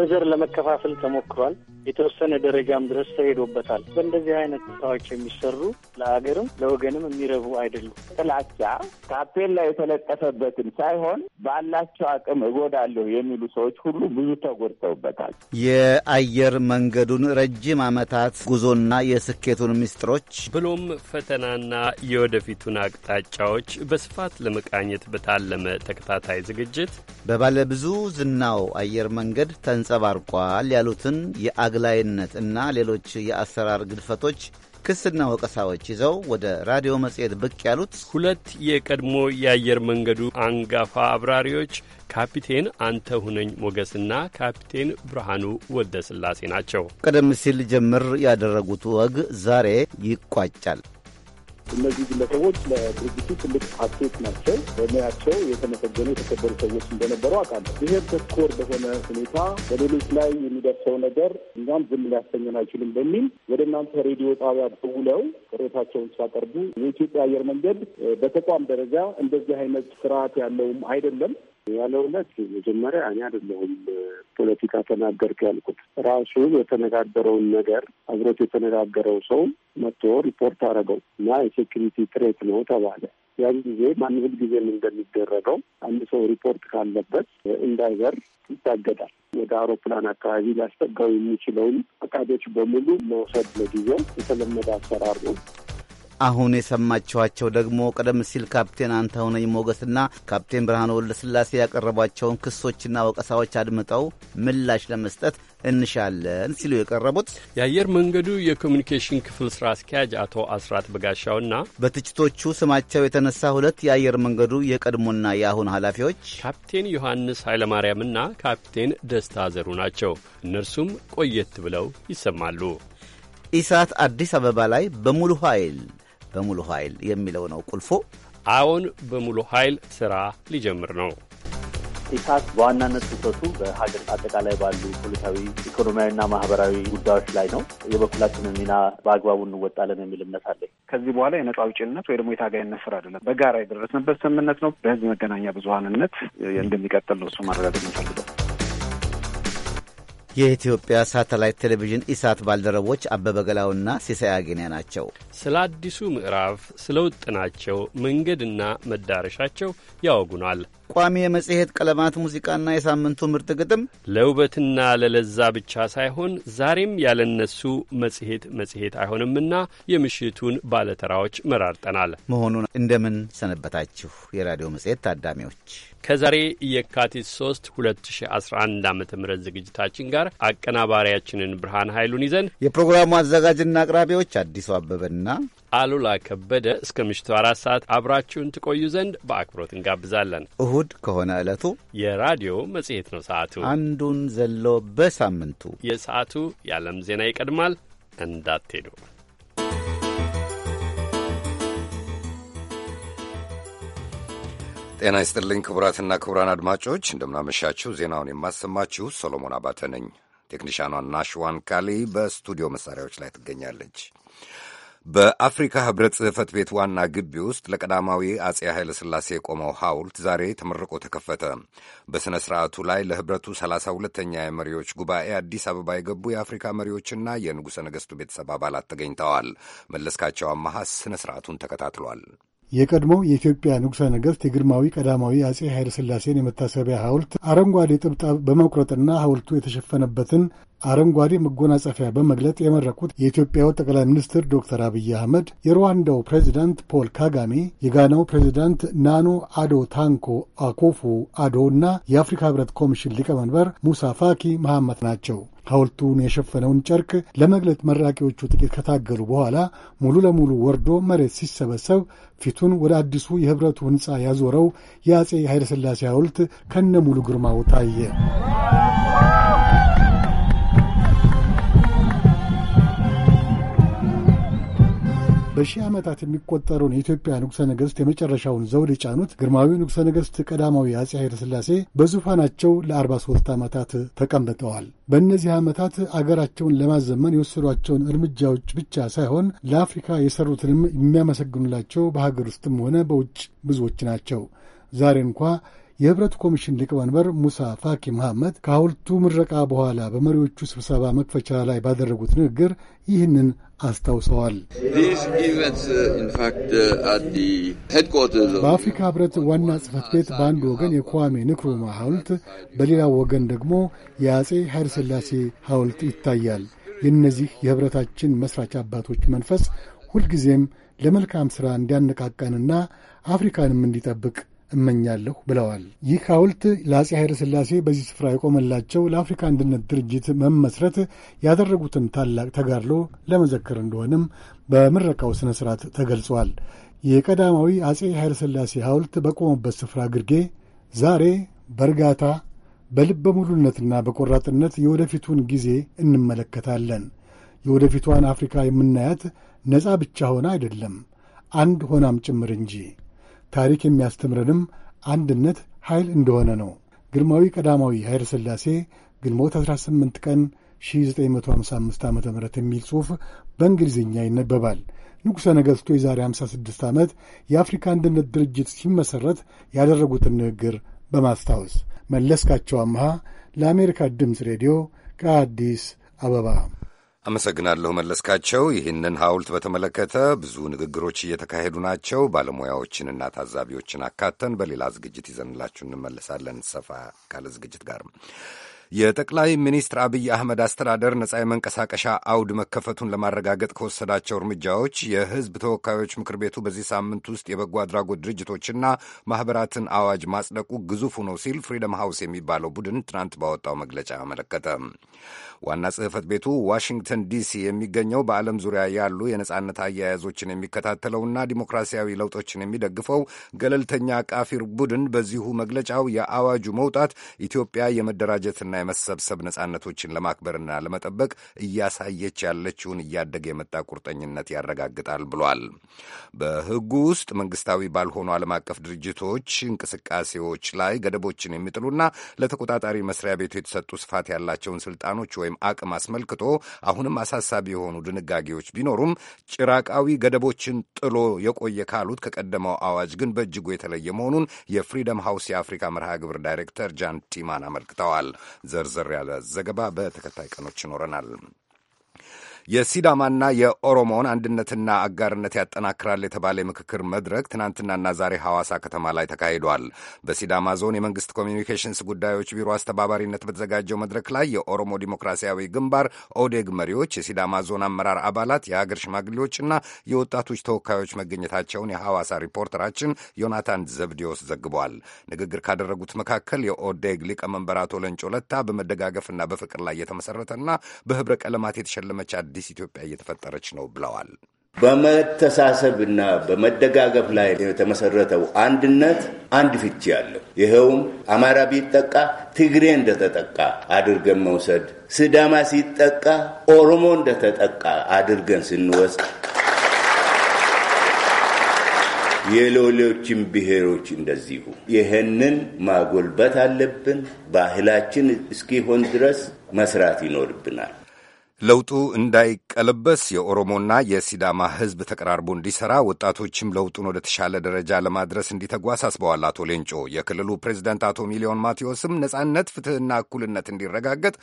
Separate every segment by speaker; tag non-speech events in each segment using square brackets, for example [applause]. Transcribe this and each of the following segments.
Speaker 1: በዘር ለመከፋፈል ተሞክሯል። የተወሰነ ደረጃም ድረስ ተሄዶበታል። በእንደዚህ አይነት ስራዎች የሚሰሩ ለሀገርም ለወገንም የሚረቡ አይደሉም። ጥላቻ ካፔላ
Speaker 2: የተለጠፈበትን ሳይሆን ባላቸው አቅም እጎዳለሁ የሚሉ ሰዎች ሁሉ ብዙ ተጎድተውበታል።
Speaker 3: የአየር መንገዱን ረጅም ዓመታት ጉዞና የስኬቱን ምስጢሮች
Speaker 4: ብሎም ፈተናና የወደፊቱን አቅጣጫዎች በስፋት ለመቃኘት በታለመ ተከታታይ ዝግጅት
Speaker 3: በባለብዙ ዝናው አየር መንገድ ተንጽ አንጸባርቋል ያሉትን የአግላይነት እና ሌሎች የአሰራር ግድፈቶች ክስና ወቀሳዎች ይዘው ወደ ራዲዮ መጽሔት ብቅ ያሉት ሁለት
Speaker 4: የቀድሞ የአየር መንገዱ አንጋፋ አብራሪዎች ካፒቴን አንተ ሁነኝ ሞገስና ካፒቴን ብርሃኑ ወደ ስላሴ ናቸው።
Speaker 3: ቀደም ሲል ጀምር ያደረጉት ወግ ዛሬ ይቋጫል።
Speaker 2: እነዚህ ግለሰቦች ለድርጅቱ ትልቅ አሴት ናቸው። በሙያቸው የተመሰገኑ የተከበሩ ሰዎች እንደነበሩ አውቃለሁ። ብሔር ተኮር በሆነ ሁኔታ በሌሎች ላይ የሚደርሰው ነገር እኛም ዝም ሊያሰኘን አይችልም በሚል ወደ እናንተ ሬዲዮ ጣቢያ ደውለው ቅሬታቸውን ሲያቀርቡ የኢትዮጵያ አየር መንገድ በተቋም ደረጃ እንደዚህ አይነት ስርዓት ያለውም አይደለም ያለው እውነት መጀመሪያ እኔ አይደለሁም
Speaker 1: ፖለቲካ ተናገርክ
Speaker 2: ያልኩት ራሱ የተነጋገረውን ነገር አብሮት የተነጋገረው ሰው መጥቶ ሪፖርት አደረገው እና የሴኪሪቲ ትሬት ነው ተባለ። ያን ጊዜ ማን ጊዜም እንደሚደረገው አንድ ሰው ሪፖርት ካለበት እንዳይበር ይታገዳል። ወደ አውሮፕላን አካባቢ ሊያስጠጋው የሚችለውን ፈቃዶች በሙሉ መውሰድ ለጊዜው የተለመደ አሰራር ነው።
Speaker 3: አሁን የሰማችኋቸው ደግሞ ቀደም ሲል ካፕቴን አንተሁነኝ ሞገስና ካፕቴን ብርሃን ወልደስላሴ ያቀረቧቸውን ክሶችና ወቀሳዎች አድምጠው ምላሽ ለመስጠት እንሻለን ሲሉ የቀረቡት
Speaker 4: የአየር መንገዱ የኮሚኒኬሽን ክፍል ስራ አስኪያጅ አቶ አስራት በጋሻውና
Speaker 3: በትችቶቹ ስማቸው የተነሳ ሁለት የአየር መንገዱ የቀድሞና የአሁን ኃላፊዎች
Speaker 4: ካፕቴን ዮሐንስ ኃይለማርያምና ካፕቴን ደስታ ዘሩ ናቸው።
Speaker 3: እነርሱም ቆየት ብለው ይሰማሉ። ኢሳት አዲስ አበባ ላይ በሙሉ ኃይል በሙሉ ኃይል የሚለው ነው ቁልፎ አዎን በሙሉ ኃይል ስራ
Speaker 4: ሊጀምር ነው።
Speaker 5: ኢሳት በዋናነት ትኩረቱ በሀገር አጠቃላይ ባሉ ፖለቲካዊ፣ ኢኮኖሚያዊና ማህበራዊ ጉዳዮች ላይ ነው። የበኩላችንን ሚና በአግባቡ እንወጣለን የሚል
Speaker 6: እምነት አለኝ። ከዚህ በኋላ የነጻ አውጪነት ወይ ደግሞ የታጋይነት ስራ አይደለም፣ በጋራ የደረስንበት ስምምነት ነው። በህዝብ መገናኛ ብዙሀንነት እንደሚቀጥል ነው እሱ ማረጋገጥ እንፈልጋል።
Speaker 3: የኢትዮጵያ ሳተላይት ቴሌቪዥን ኢሳት ባልደረቦች አበበ ገላውና ሲሳይ አገኒያ ናቸው።
Speaker 4: ስለ አዲሱ ምዕራፍ፣ ስለ ውጥናቸው መንገድና መዳረሻቸው ያወጉናል።
Speaker 3: ቋሚ የመጽሔት ቀለማት ሙዚቃና የሳምንቱ ምርጥ ግጥም
Speaker 4: ለውበትና ለለዛ ብቻ ሳይሆን ዛሬም ያለነሱ መጽሔት መጽሔት አይሆንምና የምሽቱን ባለተራዎች መራርጠናል።
Speaker 3: መሆኑን እንደምን ሰነበታችሁ የራዲዮ መጽሔት ታዳሚዎች
Speaker 4: ከዛሬ የካቲት 3 2011 ዓ ም ዝግጅታችን ጋር አቀናባሪያችንን ብርሃን ኃይሉን ይዘን
Speaker 3: የፕሮግራሙ አዘጋጅና አቅራቢዎች አዲሱ አበበና
Speaker 4: አሉላ ከበደ እስከ ምሽቱ አራት ሰዓት አብራችሁን ትቆዩ ዘንድ በአክብሮት እንጋብዛለን።
Speaker 3: እሁድ ከሆነ ዕለቱ
Speaker 4: የራዲዮ መጽሔት ነው። ሰዓቱ
Speaker 3: አንዱን ዘሎ በሳምንቱ
Speaker 4: የሰዓቱ የዓለም ዜና ይቀድማል። እንዳትሄዱ።
Speaker 7: ጤና ይስጥልኝ ክቡራትና ክቡራን አድማጮች እንደምናመሻችሁ። ዜናውን የማሰማችሁ ሶሎሞን አባተ ነኝ። ቴክኒሻኗ ናሽዋን ካሊ በስቱዲዮ መሳሪያዎች ላይ ትገኛለች። በአፍሪካ ህብረት ጽሕፈት ቤት ዋና ግቢ ውስጥ ለቀዳማዊ አጼ ኃይለ ሥላሴ የቆመው ሐውልት ዛሬ ተመርቆ ተከፈተ። በሥነ ሥርዓቱ ላይ ለኅብረቱ ሰላሳ ሁለተኛ የመሪዎች ጉባኤ አዲስ አበባ የገቡ የአፍሪካ መሪዎችና የንጉሠ ነገሥቱ ቤተሰብ አባላት ተገኝተዋል። መለስካቸው አመሃ ሥነ ሥርዓቱን ተከታትሏል።
Speaker 8: የቀድሞ የኢትዮጵያ ንጉሠ ነገሥት የግርማዊ ቀዳማዊ አጼ ኃይለ ሥላሴን የመታሰቢያ ሐውልት አረንጓዴ ጥብጣብ በመቁረጥና ሐውልቱ የተሸፈነበትን አረንጓዴ መጎናጸፊያ በመግለጥ የመረቁት የኢትዮጵያው ጠቅላይ ሚኒስትር ዶክተር አብይ አህመድ፣ የሩዋንዳው ፕሬዚዳንት ፖል ካጋሜ፣ የጋናው ፕሬዚዳንት ናኖ አዶ ታንኮ አኮፉ አዶ እና የአፍሪካ ህብረት ኮሚሽን ሊቀመንበር ሙሳ ፋኪ መሐመት ናቸው። ሐውልቱን የሸፈነውን ጨርቅ ለመግለጥ መራቂዎቹ ጥቂት ከታገሉ በኋላ ሙሉ ለሙሉ ወርዶ መሬት ሲሰበሰብ ፊቱን ወደ አዲሱ የህብረቱ ሕንፃ ያዞረው የአፄ ኃይለሥላሴ ሐውልት ከነ ሙሉ ግርማው ታየ። በሺህ ዓመታት የሚቆጠረውን የኢትዮጵያ ንጉሠ ነገሥት የመጨረሻውን ዘውድ የጫኑት ግርማዊ ንጉሠ ነገሥት ቀዳማዊ አጼ ሥላሴ በዙፋናቸው ለ43 ዓመታት ተቀምጠዋል። በእነዚህ ዓመታት አገራቸውን ለማዘመን የወሰዷቸውን እርምጃዎች ብቻ ሳይሆን ለአፍሪካ የሠሩትንም የሚያመሰግኑላቸው በሀገር ውስጥም ሆነ በውጭ ብዙዎች ናቸው። ዛሬ እንኳ የህብረቱ ኮሚሽን ሊቀመንበር ሙሳ ፋኪ መሐመድ ከሐውልቱ ምረቃ በኋላ በመሪዎቹ ስብሰባ መክፈቻ ላይ ባደረጉት ንግግር ይህንን አስታውሰዋል።
Speaker 3: uh, uh, በአፍሪካ
Speaker 8: ህብረት ዋና ጽህፈት ቤት በአንድ ወገን የኳሜ ንክሩማ ሐውልት፣ በሌላው ወገን ደግሞ የአጼ ኃይለሥላሴ ሐውልት ይታያል። የእነዚህ የህብረታችን መሥራች አባቶች መንፈስ ሁልጊዜም ለመልካም ሥራ እንዲያነቃቃንና አፍሪካንም እንዲጠብቅ እመኛለሁ ብለዋል። ይህ ሐውልት ለአጼ ኃይለ ሥላሴ በዚህ ስፍራ የቆመላቸው ለአፍሪካ አንድነት ድርጅት መመስረት ያደረጉትን ታላቅ ተጋድሎ ለመዘከር እንደሆነም በምረቃው ሥነ ሥርዓት ተገልጿል። የቀዳማዊ አጼ ኃይለ ሥላሴ ሐውልት በቆመበት ስፍራ ግርጌ ዛሬ በእርጋታ በልበ ሙሉነትና በቆራጥነት የወደፊቱን ጊዜ እንመለከታለን። የወደፊቷን አፍሪካ የምናያት ነፃ ብቻ ሆና አይደለም፣ አንድ ሆናም ጭምር እንጂ ታሪክ የሚያስተምረንም አንድነት ኃይል እንደሆነ ነው። ግርማዊ ቀዳማዊ ኃይለ ሥላሴ ግንቦት 18 ቀን 1955 ዓ ም የሚል ጽሑፍ በእንግሊዝኛ ይነበባል። ንጉሠ ነገሥቱ የዛሬ 56 ዓመት የአፍሪካ አንድነት ድርጅት ሲመሠረት ያደረጉትን ንግግር በማስታወስ መለስካቸው አምሃ ለአሜሪካ ድምፅ ሬዲዮ ከአዲስ አበባ
Speaker 7: አመሰግናለሁ መለስካቸው። ይህንን ሐውልት በተመለከተ ብዙ ንግግሮች እየተካሄዱ ናቸው። ባለሙያዎችንና ታዛቢዎችን አካተን በሌላ ዝግጅት ይዘንላችሁ እንመለሳለን ሰፋ ካለ ዝግጅት ጋር። የጠቅላይ ሚኒስትር አብይ አህመድ አስተዳደር ነጻ የመንቀሳቀሻ አውድ መከፈቱን ለማረጋገጥ ከወሰዳቸው እርምጃዎች የሕዝብ ተወካዮች ምክር ቤቱ በዚህ ሳምንት ውስጥ የበጎ አድራጎት ድርጅቶችና ማኅበራትን አዋጅ ማጽደቁ ግዙፉ ነው ሲል ፍሪደም ሃውስ የሚባለው ቡድን ትናንት ባወጣው መግለጫ አመለከተ። ዋና ጽሕፈት ቤቱ ዋሽንግተን ዲሲ የሚገኘው በዓለም ዙሪያ ያሉ የነጻነት አያያዞችን የሚከታተለውና ዲሞክራሲያዊ ለውጦችን የሚደግፈው ገለልተኛ ቃፊር ቡድን በዚሁ መግለጫው የአዋጁ መውጣት ኢትዮጵያ የመደራጀትና የመሰብሰብ ነጻነቶችን ለማክበርና ለመጠበቅ እያሳየች ያለችውን እያደገ የመጣ ቁርጠኝነት ያረጋግጣል ብሏል። በሕጉ ውስጥ መንግስታዊ ባልሆኑ ዓለም አቀፍ ድርጅቶች እንቅስቃሴዎች ላይ ገደቦችን የሚጥሉና ለተቆጣጣሪ መስሪያ ቤቱ የተሰጡ ስፋት ያላቸውን ስልጣኖች ወይ ወይም አቅም አስመልክቶ አሁንም አሳሳቢ የሆኑ ድንጋጌዎች ቢኖሩም ጭራቃዊ ገደቦችን ጥሎ የቆየ ካሉት ከቀደመው አዋጅ ግን በእጅጉ የተለየ መሆኑን የፍሪደም ሃውስ የአፍሪካ መርሃ ግብር ዳይሬክተር ጃን ቲማን አመልክተዋል። ዘርዘር ያለ ዘገባ በተከታይ ቀኖች ይኖረናል። የሲዳማና የኦሮሞን አንድነትና አጋርነት ያጠናክራል የተባለ የምክክር መድረክ ትናንትናና ዛሬ ሐዋሳ ከተማ ላይ ተካሂዷል። በሲዳማ ዞን የመንግስት ኮሚኒኬሽንስ ጉዳዮች ቢሮ አስተባባሪነት በተዘጋጀው መድረክ ላይ የኦሮሞ ዲሞክራሲያዊ ግንባር ኦዴግ መሪዎች፣ የሲዳማ ዞን አመራር አባላት፣ የሀገር ሽማግሌዎችና የወጣቶች ተወካዮች መገኘታቸውን የሐዋሳ ሪፖርተራችን ዮናታን ዘብዲዮስ ዘግቧል። ንግግር ካደረጉት መካከል የኦዴግ ሊቀመንበር አቶ ለንጮ ለታ በመደጋገፍና በፍቅር ላይ የተመሠረተና በህብረ ቀለማት የተሸለመች አዲስ ኢትዮጵያ እየተፈጠረች ነው ብለዋል። በመተሳሰብና በመደጋገፍ ላይ የተመሰረተው አንድነት አንድ ፍቺ ያለው ይኸውም አማራ ቢጠቃ ትግሬ እንደተጠቃ አድርገን መውሰድ፣ ስዳማ ሲጠቃ ኦሮሞ እንደተጠቃ አድርገን ስንወስድ የሌሎችም ብሔሮች እንደዚሁ ይህንን ማጎልበት አለብን። ባህላችን እስኪሆን ድረስ መስራት ይኖርብናል። ለውጡ እንዳይቀለበስ የኦሮሞና የሲዳማ ሕዝብ ተቀራርቦ እንዲሠራ ወጣቶችም ለውጡን ወደ ተሻለ ደረጃ ለማድረስ እንዲተጉ አሳስበዋል አቶ ሌንጮ። የክልሉ ፕሬዚደንት አቶ ሚሊዮን ማቴዎስም ነጻነት፣ ፍትህና እኩልነት እንዲረጋገጥ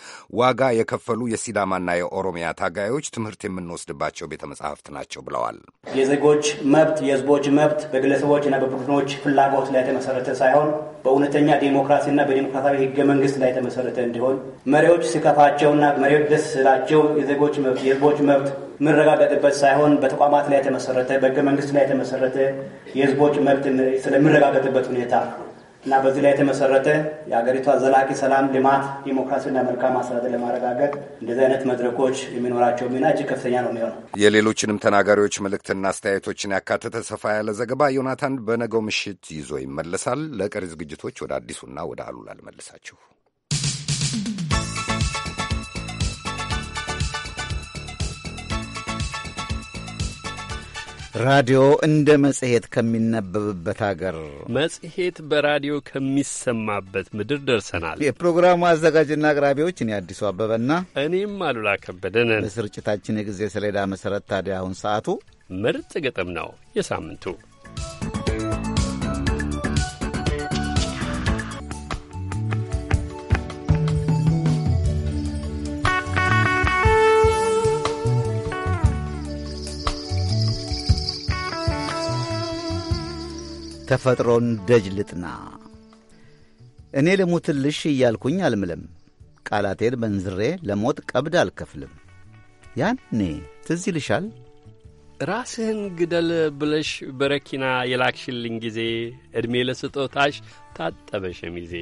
Speaker 7: ዋጋ የከፈሉ የሲዳማና የኦሮሚያ ታጋዮች ትምህርት የምንወስድባቸው ቤተ መጻሕፍት ናቸው ብለዋል።
Speaker 9: የዜጎች መብት፣ የህዝቦች መብት በግለሰቦችና በቡድኖች ፍላጎት ላይ የተመሠረተ ሳይሆን በእውነተኛ ዴሞክራሲና በዴሞክራሲያዊ ህገ መንግስት ላይ የተመሰረተ እንዲሆን መሪዎች ስከፋቸውና
Speaker 3: መሪዎች ደስ ስላቸው የዜጎች መብት የህዝቦች መብት የምረጋገጥበት ሳይሆን በተቋማት ላይ የተመሰረተ በህገ መንግስት ላይ የተመሰረተ የህዝቦች መብት ስለምረጋገጥበት ሁኔታ እና በዚህ ላይ የተመሰረተ የሀገሪቷ ዘላቂ ሰላም፣ ልማት፣ ዲሞክራሲና መልካም አስተዳደር ለማረጋገጥ እንደዚህ አይነት መድረኮች የሚኖራቸው ሚና እጅግ ከፍተኛ ነው የሚሆነው።
Speaker 7: የሌሎችንም ተናጋሪዎች መልእክትና አስተያየቶችን ያካተተ ሰፋ ያለ ዘገባ ዮናታን በነገው ምሽት ይዞ ይመለሳል። ለቀሪ ዝግጅቶች ወደ አዲሱና ወደ አሉላ ልመልሳችሁ።
Speaker 3: ራዲዮ እንደ መጽሔት ከሚነበብበት አገር መጽሔት በራዲዮ ከሚሰማበት ምድር ደርሰናል። የፕሮግራሙ አዘጋጅና አቅራቢዎች እኔ አዲሱ አበበና እኔም አሉላ ከበደ ነን። በስርጭታችን የጊዜ ሰሌዳ መሠረት ታዲያ አሁን ሰዓቱ
Speaker 4: ምርጥ ግጥም ነው የሳምንቱ
Speaker 3: ተፈጥሮን ደጅ ልጥና እኔ ልሙትልሽ እያልኩኝ አልምልም። ቃላቴን መንዝሬ ለሞት ቀብድ አልከፍልም። ያኔ ትዝ ይልሻል ራስህን
Speaker 4: ግደል ብለሽ በረኪና የላክሽልኝ ጊዜ ዕድሜ ለስጦታሽ ታጠበ ሸሚዜ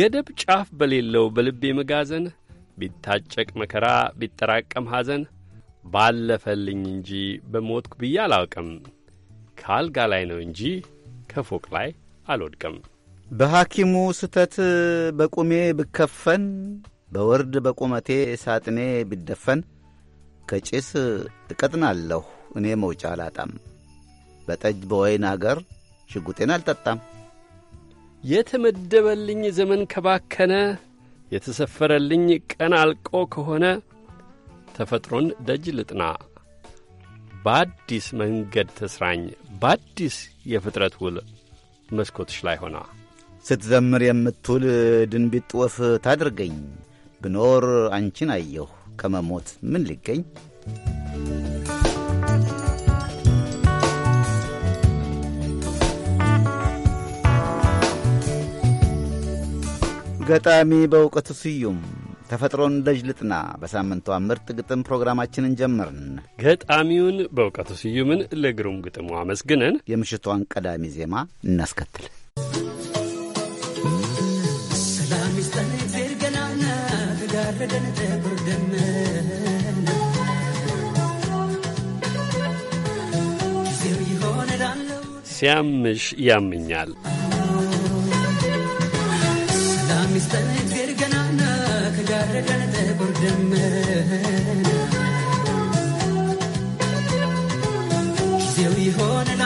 Speaker 4: ገደብ ጫፍ በሌለው በልቤ መጋዘን ቢታጨቅ መከራ ቢጠራቀም ሐዘን ባለፈልኝ እንጂ በሞትኩ ብዬ አላውቅም ከአልጋ ላይ ነው እንጂ ከፎቅ ላይ አልወድቅም።
Speaker 3: በሐኪሙ ስተት በቁሜ ብከፈን፣ በወርድ በቁመቴ ሳጥኔ ቢደፈን ከጭስ እቀጥናለሁ እኔ መውጫ አላጣም። በጠጅ በወይን አገር ሽጉጤን አልጠጣም።
Speaker 4: የተመደበልኝ ዘመን ከባከነ፣ የተሰፈረልኝ ቀን አልቆ ከሆነ ተፈጥሮን ደጅ ልጥና በአዲስ መንገድ ተስራኝ በአዲስ የፍጥረት ውል መስኮትሽ ላይ ሆና
Speaker 3: ስትዘምር የምትውል ድንቢጥ ወፍ ታድርገኝ ብኖር አንቺን አየሁ ከመሞት ምን ሊገኝ ገጣሚ በእውቀቱ ስዩም ተፈጥሮን ደጅ ልጥና በሳምንቷ ምርጥ ግጥም ፕሮግራማችንን ጀመርን።
Speaker 4: ገጣሚውን በእውቀቱ
Speaker 3: ስዩምን ለግሩም ግጥሙ አመስግነን የምሽቷን ቀዳሚ ዜማ እናስከትል።
Speaker 4: ሲያምሽ ያምኛል
Speaker 3: going and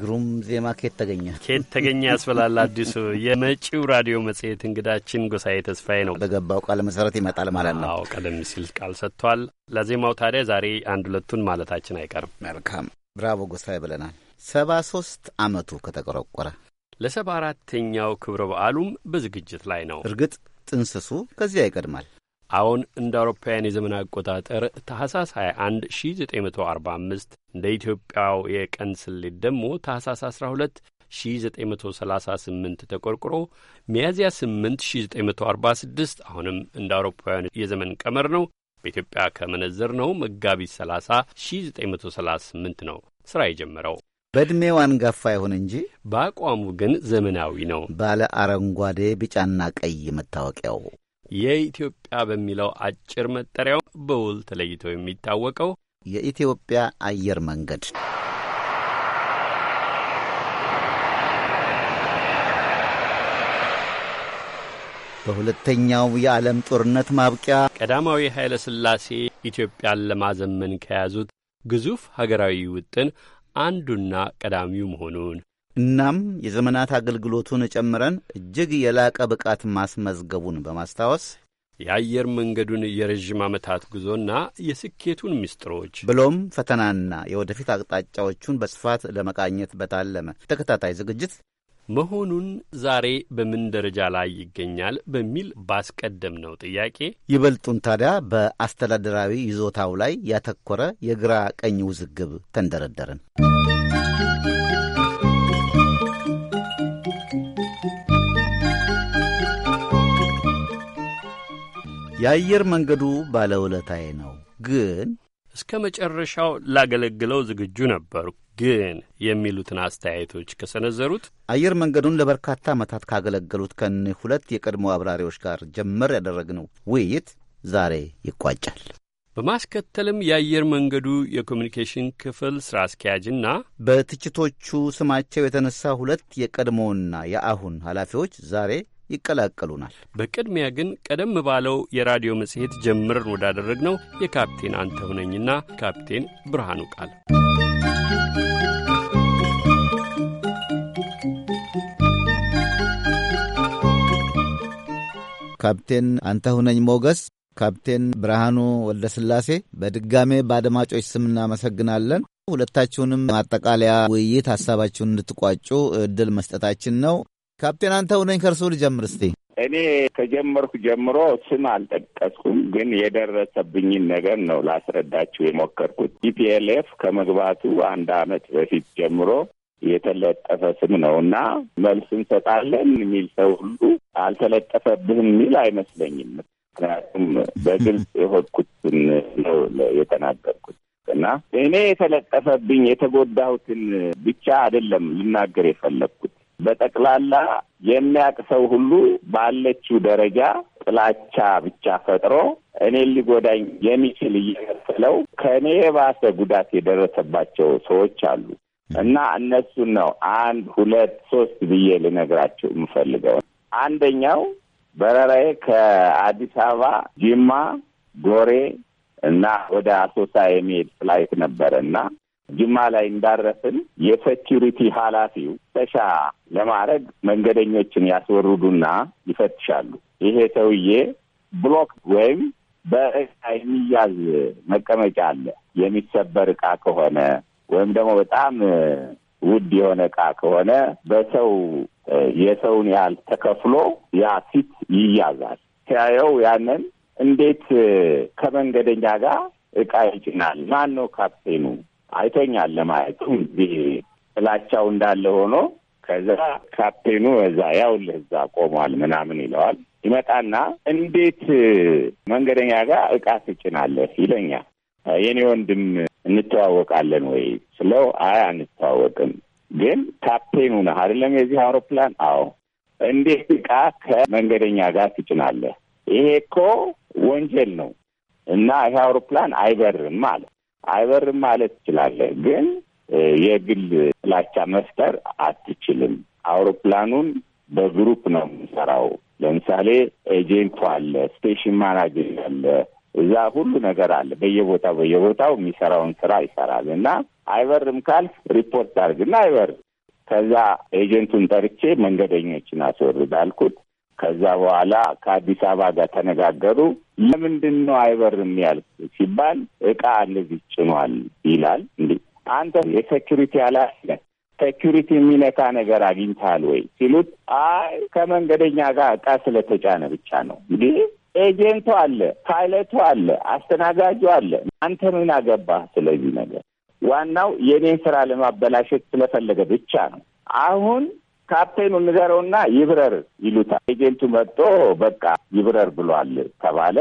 Speaker 3: ግሩም ዜማ ኬት ተገኘ ኬት ተገኘ ያስበላል። አዲሱ
Speaker 4: የመጪው ራዲዮ መጽሔት እንግዳችን ጎሳዬ ተስፋዬ ነው። በገባው ቃል መሰረት ይመጣል ማለት ነው። አዎ ቀደም ሲል ቃል ሰጥቷል። ለዜማው ታዲያ ዛሬ አንድ ሁለቱን ማለታችን አይቀርም። መልካም
Speaker 3: ብራቮ ጎሳዬ ብለናል። ሰባ ሶስት አመቱ ከተቆረቆረ
Speaker 4: ለሰባ አራተኛው ክብረ በዓሉም በዝግጅት ላይ ነው።
Speaker 3: እርግጥ ጥንስሱ ከዚያ ይቀድማል።
Speaker 4: አሁን እንደ አውሮፓውያን የዘመን አቆጣጠር ታህሳስ 21 1945 እንደ ኢትዮጵያው የቀን ስሌት ደግሞ ታህሳስ 12 1938 ተቆርቁሮ ሚያዝያ 8 1946 አሁንም እንደ አውሮፓውያን የዘመን ቀመር ነው። በኢትዮጵያ ከመነዘር ነው መጋቢት 30 1938 ነው ስራ የጀመረው።
Speaker 3: በዕድሜው አንጋፋ ይሁን እንጂ
Speaker 4: በአቋሙ ግን ዘመናዊ ነው።
Speaker 3: ባለ አረንጓዴ ቢጫና ቀይ መታወቂያው
Speaker 4: የኢትዮጵያ በሚለው አጭር መጠሪያው በውል ተለይቶ የሚታወቀው
Speaker 3: የኢትዮጵያ አየር መንገድ በሁለተኛው የዓለም ጦርነት ማብቂያ
Speaker 4: ቀዳማዊ ኃይለ ሥላሴ ኢትዮጵያን ለማዘመን
Speaker 3: ከያዙት ግዙፍ ሀገራዊ ውጥን አንዱና ቀዳሚው መሆኑን እናም የዘመናት አገልግሎቱን ጨምረን እጅግ የላቀ ብቃት ማስመዝገቡን በማስታወስ
Speaker 4: የአየር መንገዱን የረዥም ዓመታት ጉዞና የስኬቱን ምስጢሮች
Speaker 3: ብሎም ፈተናና የወደፊት አቅጣጫዎቹን በስፋት ለመቃኘት በታለመ ተከታታይ ዝግጅት መሆኑን
Speaker 4: ዛሬ በምን ደረጃ ላይ ይገኛል በሚል ባስቀደም ነው ጥያቄ
Speaker 3: ይበልጡን ታዲያ በአስተዳደራዊ ይዞታው ላይ ያተኮረ የግራ ቀኝ ውዝግብ ተንደረደርን። የአየር መንገዱ ባለውለታዬ ነው፣ ግን
Speaker 4: እስከ መጨረሻው ላገለግለው ዝግጁ ነበሩ ግን የሚሉትን አስተያየቶች ከሰነዘሩት
Speaker 3: አየር መንገዱን ለበርካታ ዓመታት ካገለገሉት ከእኒህ ሁለት የቀድሞ አብራሪዎች ጋር ጀመር ያደረግነው ውይይት ዛሬ ይቋጫል።
Speaker 4: በማስከተልም የአየር መንገዱ የኮሚኒኬሽን ክፍል ሥራ አስኪያጅና
Speaker 3: በትችቶቹ ስማቸው የተነሳ ሁለት የቀድሞውና የአሁን ኃላፊዎች ዛሬ ይቀላቀሉናል።
Speaker 4: በቅድሚያ ግን ቀደም ባለው የራዲዮ መጽሔት ጀምረን ወዳደረግነው የካፕቴን አንተሁነኝና ካፕቴን ብርሃኑ ቃል
Speaker 3: ካፕቴን አንተሁነኝ ሞገስ፣ ካፕቴን ብርሃኑ ወልደ ስላሴ በድጋሜ በአድማጮች ስም እናመሰግናለን። ሁለታችሁንም ማጠቃለያ ውይይት ሀሳባችሁን እንድትቋጩ እድል መስጠታችን ነው። ካፕቴን አንተ ሁነኝ ከእርሱ ልጀምር እስቲ።
Speaker 2: እኔ ከጀመርኩ ጀምሮ ስም አልጠቀስኩም፣ ግን የደረሰብኝን ነገር ነው ላስረዳችሁ የሞከርኩት። ኢፒኤልኤፍ ከመግባቱ አንድ አመት በፊት ጀምሮ የተለጠፈ ስም ነው እና መልስ እንሰጣለን የሚል ሰው ሁሉ አልተለጠፈብህም የሚል አይመስለኝም። ምክንያቱም በግልጽ [laughs] የሆድኩትን ነው የተናገርኩት እና እኔ የተለጠፈብኝ የተጎዳሁትን ብቻ አይደለም ልናገር የፈለግኩት በጠቅላላ የሚያውቅ ሰው ሁሉ ባለችው ደረጃ ጥላቻ ብቻ ፈጥሮ እኔ ሊጎዳኝ የሚችል እየመሰለው ከእኔ የባሰ ጉዳት የደረሰባቸው ሰዎች አሉ እና እነሱን ነው አንድ ሁለት ሶስት ብዬ ልነግራቸው የምፈልገው። አንደኛው በረራዬ ከአዲስ አበባ ጅማ፣ ጎሬ እና ወደ አሶሳ የሚሄድ ፍላይት ነበረ እና ጅማ ላይ እንዳረፍን የሴኪሪቲ ኃላፊው ተሻ ለማድረግ መንገደኞችን ያስወርዱና ይፈትሻሉ። ይሄ ሰውዬ ብሎክ ወይም በእቃ የሚያዝ መቀመጫ አለ። የሚሰበር እቃ ከሆነ ወይም ደግሞ በጣም ውድ የሆነ እቃ ከሆነ በሰው የሰውን ያህል ተከፍሎ ያ ፊት ይያዛል። ሲያየው ያንን እንዴት ከመንገደኛ ጋር እቃ ይጭናል? ማን ነው ካፕቴኑ? አይቶኛል ለማለት እዚህ ጥላቻው እንዳለ ሆኖ ከዛ ካፕቴኑ እዛ ያውልህ እዛ ቆሟል ምናምን ይለዋል። ይመጣና እንዴት መንገደኛ ጋር እቃ ትጭናለህ ይለኛል። የኔ ወንድም እንተዋወቃለን ወይ ስለው አይ አንተዋወቅም፣ ግን ካፕቴኑ ነህ አይደለም የዚህ አውሮፕላን? አዎ። እንዴት እቃ ከመንገደኛ ጋር ትጭናለህ? ይሄ እኮ ወንጀል ነው እና ይሄ አውሮፕላን አይበርም አለ። አይበርም ማለት ትችላለህ፣ ግን የግል ጥላቻ መፍጠር አትችልም። አውሮፕላኑን በግሩፕ ነው የምንሰራው። ለምሳሌ ኤጀንቱ አለ፣ ስቴሽን ማናጀር አለ፣ እዛ ሁሉ ነገር አለ። በየቦታው በየቦታው የሚሰራውን ስራ ይሰራል እና አይበርም ካል ሪፖርት አድርግና አይበር። ከዛ ኤጀንቱን ጠርቼ መንገደኞችን አስወርዳልኩት። ከዛ በኋላ ከአዲስ አበባ ጋር ተነጋገሩ። ለምንድን ነው አይበርም ያልክ ሲባል እቃ አለ ጭኗል ይላል። እንዲ አንተ የሴኪሪቲ ኃላፊ ሴኪሪቲ የሚነካ ነገር አግኝታል ወይ ሲሉት አይ ከመንገደኛ ጋር እቃ ስለተጫነ ብቻ ነው። እንዲህ ኤጀንቱ አለ፣ ፓይለቱ አለ፣ አስተናጋጁ አለ። አንተ ምን አገባህ ስለዚህ ነገር? ዋናው የእኔን ስራ ለማበላሸት ስለፈለገ ብቻ ነው። አሁን ካፕቴኑ ንገረውና ይብረር ይሉታል። ኤጀንቱ መጥቶ በቃ ይብረር ብሏል ተባለ።